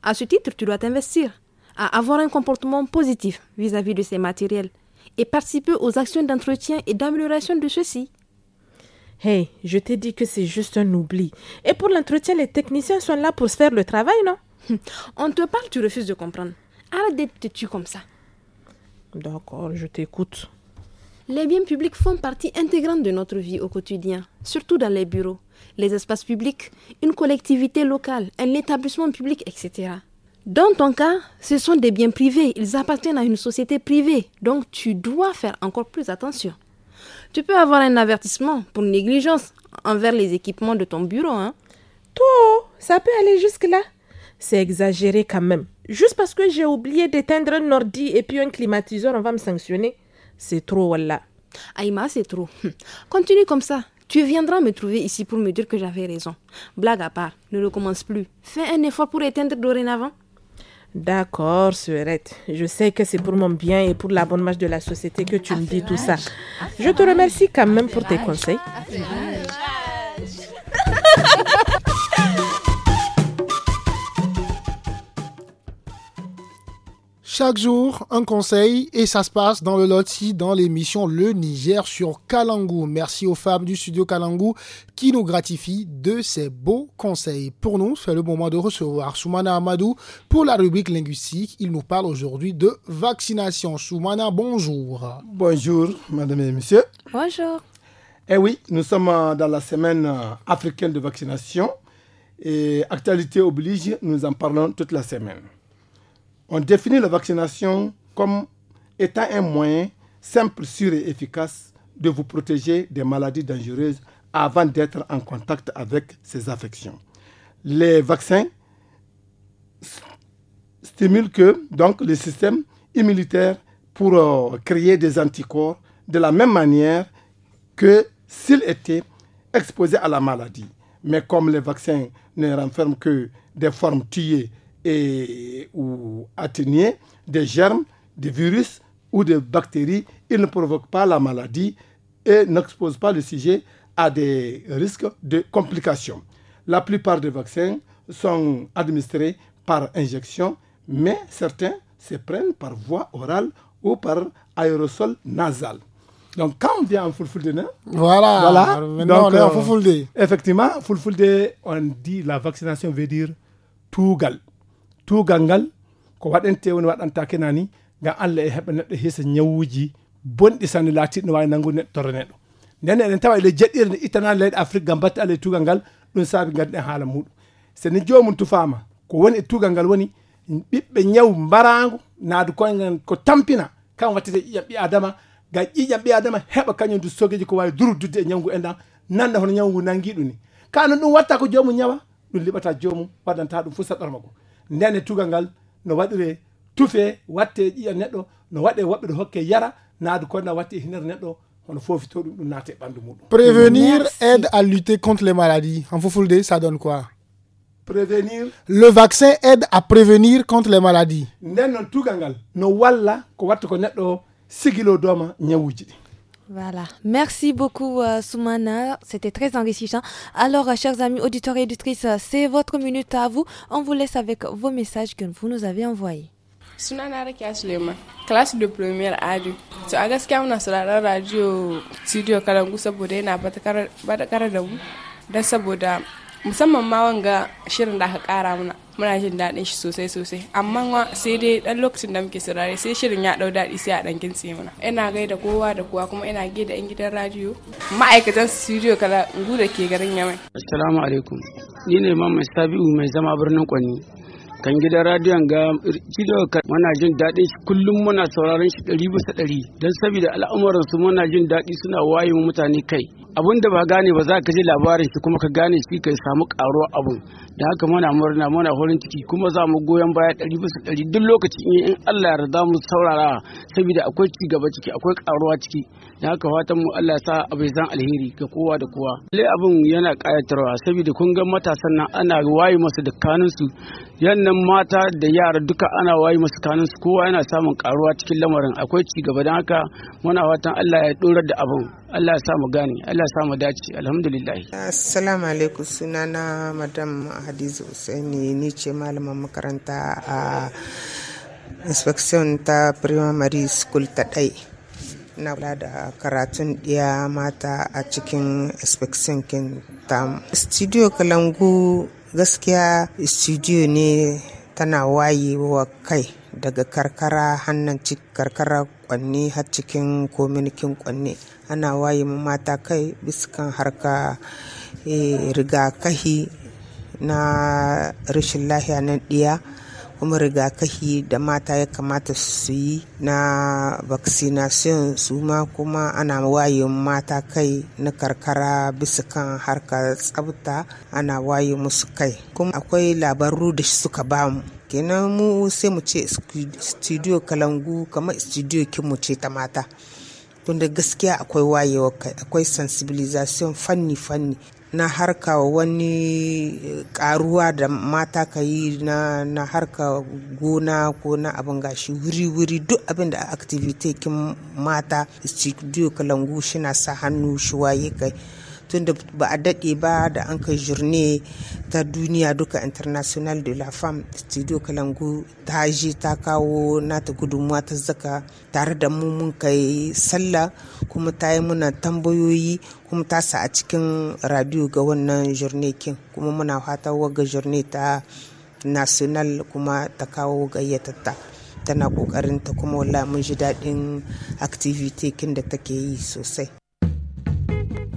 À ce titre, tu dois t'investir à avoir un comportement positif vis à -vis de ces matériels et participer aux actions d'entretien et d'amélioration de ceux-ci. Hey, je t'ai dit que c'est juste un oubli. Et pour l'entretien, les techniciens sont là pour se faire le travail, non On te parle, tu refuses de comprendre. Arrête de te tuer comme ça. D'accord, je t'écoute. Les biens publics font partie intégrante de notre vie au quotidien, surtout dans les bureaux, les espaces publics, une collectivité locale, un établissement public, etc. Dans ton cas, ce sont des biens privés, ils appartiennent à une société privée, donc tu dois faire encore plus attention. Tu peux avoir un avertissement pour négligence envers les équipements de ton bureau. Hein. Tout, ça peut aller jusque-là. C'est exagéré quand même. Juste parce que j'ai oublié d'éteindre un ordi et puis un climatiseur, on va me sanctionner. C'est trop, voilà. Aïma, c'est trop. Hum. Continue comme ça. Tu viendras me trouver ici pour me dire que j'avais raison. Blague à part, ne recommence plus. Fais un effort pour éteindre dorénavant. D'accord, surette. Je sais que c'est pour mon bien et pour la bonne marche de la société que tu me dis tout ça. Je te remercie quand même pour tes conseils. Chaque jour, un conseil et ça se passe dans le Loti, dans l'émission Le Niger sur Kalangou. Merci aux femmes du studio Kalangou qui nous gratifient de ces beaux conseils. Pour nous, c'est le moment de recevoir Soumana Amadou pour la rubrique linguistique. Il nous parle aujourd'hui de vaccination. Soumana, bonjour. Bonjour, madame et messieurs. Bonjour. Eh oui, nous sommes dans la semaine africaine de vaccination et actualité oblige, nous en parlons toute la semaine. On définit la vaccination comme étant un moyen simple, sûr et efficace de vous protéger des maladies dangereuses avant d'être en contact avec ces affections. Les vaccins stimulent que, donc, le système immunitaire pour euh, créer des anticorps de la même manière que s'il était exposé à la maladie. Mais comme les vaccins ne renferment que des formes tuées et, ou atténuer des germes, des virus ou des bactéries. Ils ne provoquent pas la maladie et n'expose pas le sujet à des risques de complications. La plupart des vaccins sont administrés par injection, mais certains se prennent par voie orale ou par aérosol nasal. Donc, quand on vient en Fulfulde, hein, voilà, euh, Effectivement, on dit la vaccination veut dire tout gal. tugal ngal ko waɗante woni waɗanta kenani ngam allah e heɓa neɗɗo hiisa ñawuji bonɗi sanne laatiɗo ne wawi nanngude neɗɗo torra neɗɗo nden eɗen tawa ele jaɗɗire nde ittanani leyɗe afrique gam batte allah e tugal ngal ɗum saabi ganduɗen haala muɗum seni jomum tufama ko woni e tugal ngal woni ɓiɓɓe ñaw mbarago naadu koyegal ko tampina kam wattete ƴiƴam ɓi adama ga ƴiƴam ɓi adama heɓa kañum du sogeji ko wawi durududde e ñawgu enɗa nanda hono ñawgu nangui ɗum ni ka non ɗum watta ko jomum ñawa ɗum liɓata jomum waɗanta ɗum fo saɗɗorma ko tufe no hokke yara prévenir aide à lutter contre les maladies en fofulde ça donne quoi prévenir le vaccin aide à prévenir contre les maladies nden noon no walla ko watta ko sigilo voilà. Merci beaucoup, euh, Soumana. C'était très enrichissant. Alors, euh, chers amis auditeurs et auditrices, euh, c'est votre minute à vous. On vous laisse avec vos messages que vous nous avez envoyés. sunana rakiya suleiman class da premier ado to a gaskiya muna sauraron radio studio kalangu saboda yana badakar da mu don saboda musamman ma wanga shirin da kara muna muna jin daɗin shi sosai sosai amma sai dai ɗan lokacin da muke saurare sai shirin ya ɗau daɗi sai a ɗan kintse mana ina gaida kowa da kowa kuma ina gaida yan gidan radio ma'aikatan studio kala ngu ke garin yamai assalamu alaikum ni ne ma mamman sabiu mai zama birnin kwani kan gidan radiyon ga ka muna jin daɗin shi kullum muna sauraron shi ɗari bisa ɗari don sabida al'amuransu muna jin daɗi suna waye mutane kai abun da ba gane ba za ka ji labarin shi kuma ka gane shi ka samu karuwa abun da haka muna murna muna horin ciki kuma za mu goyon baya ɗari bisa ɗari duk lokaci in Allah ya za mu saurara saboda akwai ci gaba ciki akwai karuwa ciki da haka fatan mu Allah ya sa abu zan alheri ga kowa da kowa lai abun yana kayatarwa saboda kun ga matasan nan ana waye masa da kanunsu yannan mata da yara duka ana wayi masu kanin su kowa yana samun karuwa cikin lamarin akwai ci gaba don haka muna fatan Allah ya dorar da abun Allah ya samu gane Allah ya samu dace alhamdulillah assalamu alaikum na madam Hadiza Usaini ni ce malaman makaranta a inspection ta primary school ta ɗai na kula da karatun ɗiya mata a cikin inspection kin ta studio kalangu gaskiya studio ne tana wayewa kai daga karkara hannun karkara kwanne har cikin kominikin kwanne ana waye mata kai biskan harka eh, rigakahi na rashin lahiya na ɗiya kuma rigakafi da mata ya kamata su yi na vaccination su ma kuma ana wayin mata kai na karkara bisa kan harkar tsabta ana waye musu kai kuma akwai labaru da suka bamu kenan mu sai mu ce studio kalangu kamar studio kinmu ce ta mata tunda gaskiya akwai wayewa kai akwai sensibilization fanni-fanni na harka wani karuwa da mata ka yi na, na harka gona ko na abin gashi wuri-wuri duk abin da activity kin mata duk kalangu shi na sa hannu shi waye kai tunda ba a daɗe ba da an kai journée ta duniya duka international de la femme studio kalangu ta ji ta kawo nata gudunmuwa ta zaka tare da mu mun kai sallah kuma ta yi muna tambayoyi kuma ta sa a cikin radio ga wannan journée kin kuma muna fata waga journée ta national kuma ta kawo gayyatatta tana kokarin ta kuma wallahi mun ji daɗin activity kin da take yi sosai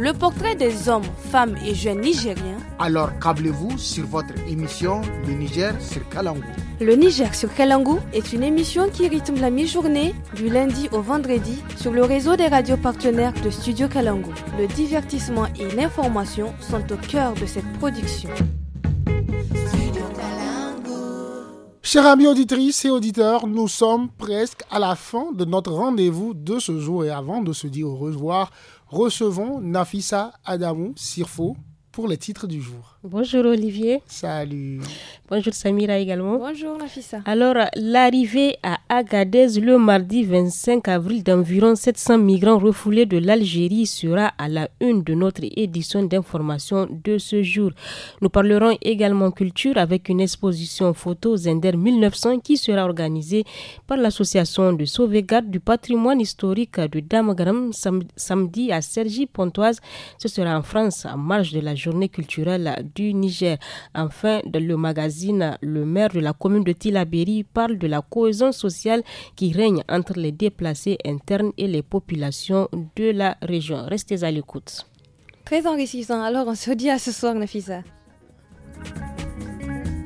le portrait des hommes, femmes et jeunes nigériens. Alors câblez-vous sur votre émission Le Niger sur Kalangou. Le Niger sur Kalangou est une émission qui rythme la mi-journée du lundi au vendredi sur le réseau des radios partenaires de Studio Kalangou. Le divertissement et l'information sont au cœur de cette production. Chers amis auditrices et auditeurs, nous sommes presque à la fin de notre rendez-vous de ce jour et avant de se dire au revoir, recevons Nafissa Adamou Sirfo pour les titres du jour. Bonjour Olivier. Salut. Bonjour Samira également. Bonjour Nafissa. Alors, l'arrivée à Agadez le mardi 25 avril d'environ 700 migrants refoulés de l'Algérie sera à la une de notre édition d'information de ce jour. Nous parlerons également culture avec une exposition photo Zender 1900 qui sera organisée par l'association de sauvegarde du patrimoine historique de Damagram samedi à Sergi Pontoise. Ce sera en France en marge de la journée culturelle du Niger. Enfin, dans le magazine, le maire de la commune de Tilaberi parle de la cohésion sociale qui règne entre les déplacés internes et les populations de la région. Restez à l'écoute. Très enrichissant. Alors, on se dit à ce soir, Nafisa.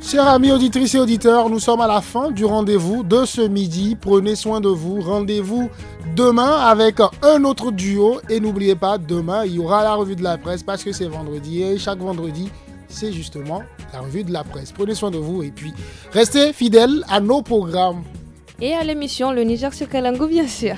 Chers amis auditrices et auditeurs, nous sommes à la fin du rendez-vous de ce midi. Prenez soin de vous. Rendez-vous demain avec un autre duo. Et n'oubliez pas, demain, il y aura la revue de la presse parce que c'est vendredi. Et chaque vendredi, c'est justement la revue de la presse. Prenez soin de vous et puis restez fidèles à nos programmes. Et à l'émission Le Niger sur Kalango, bien sûr.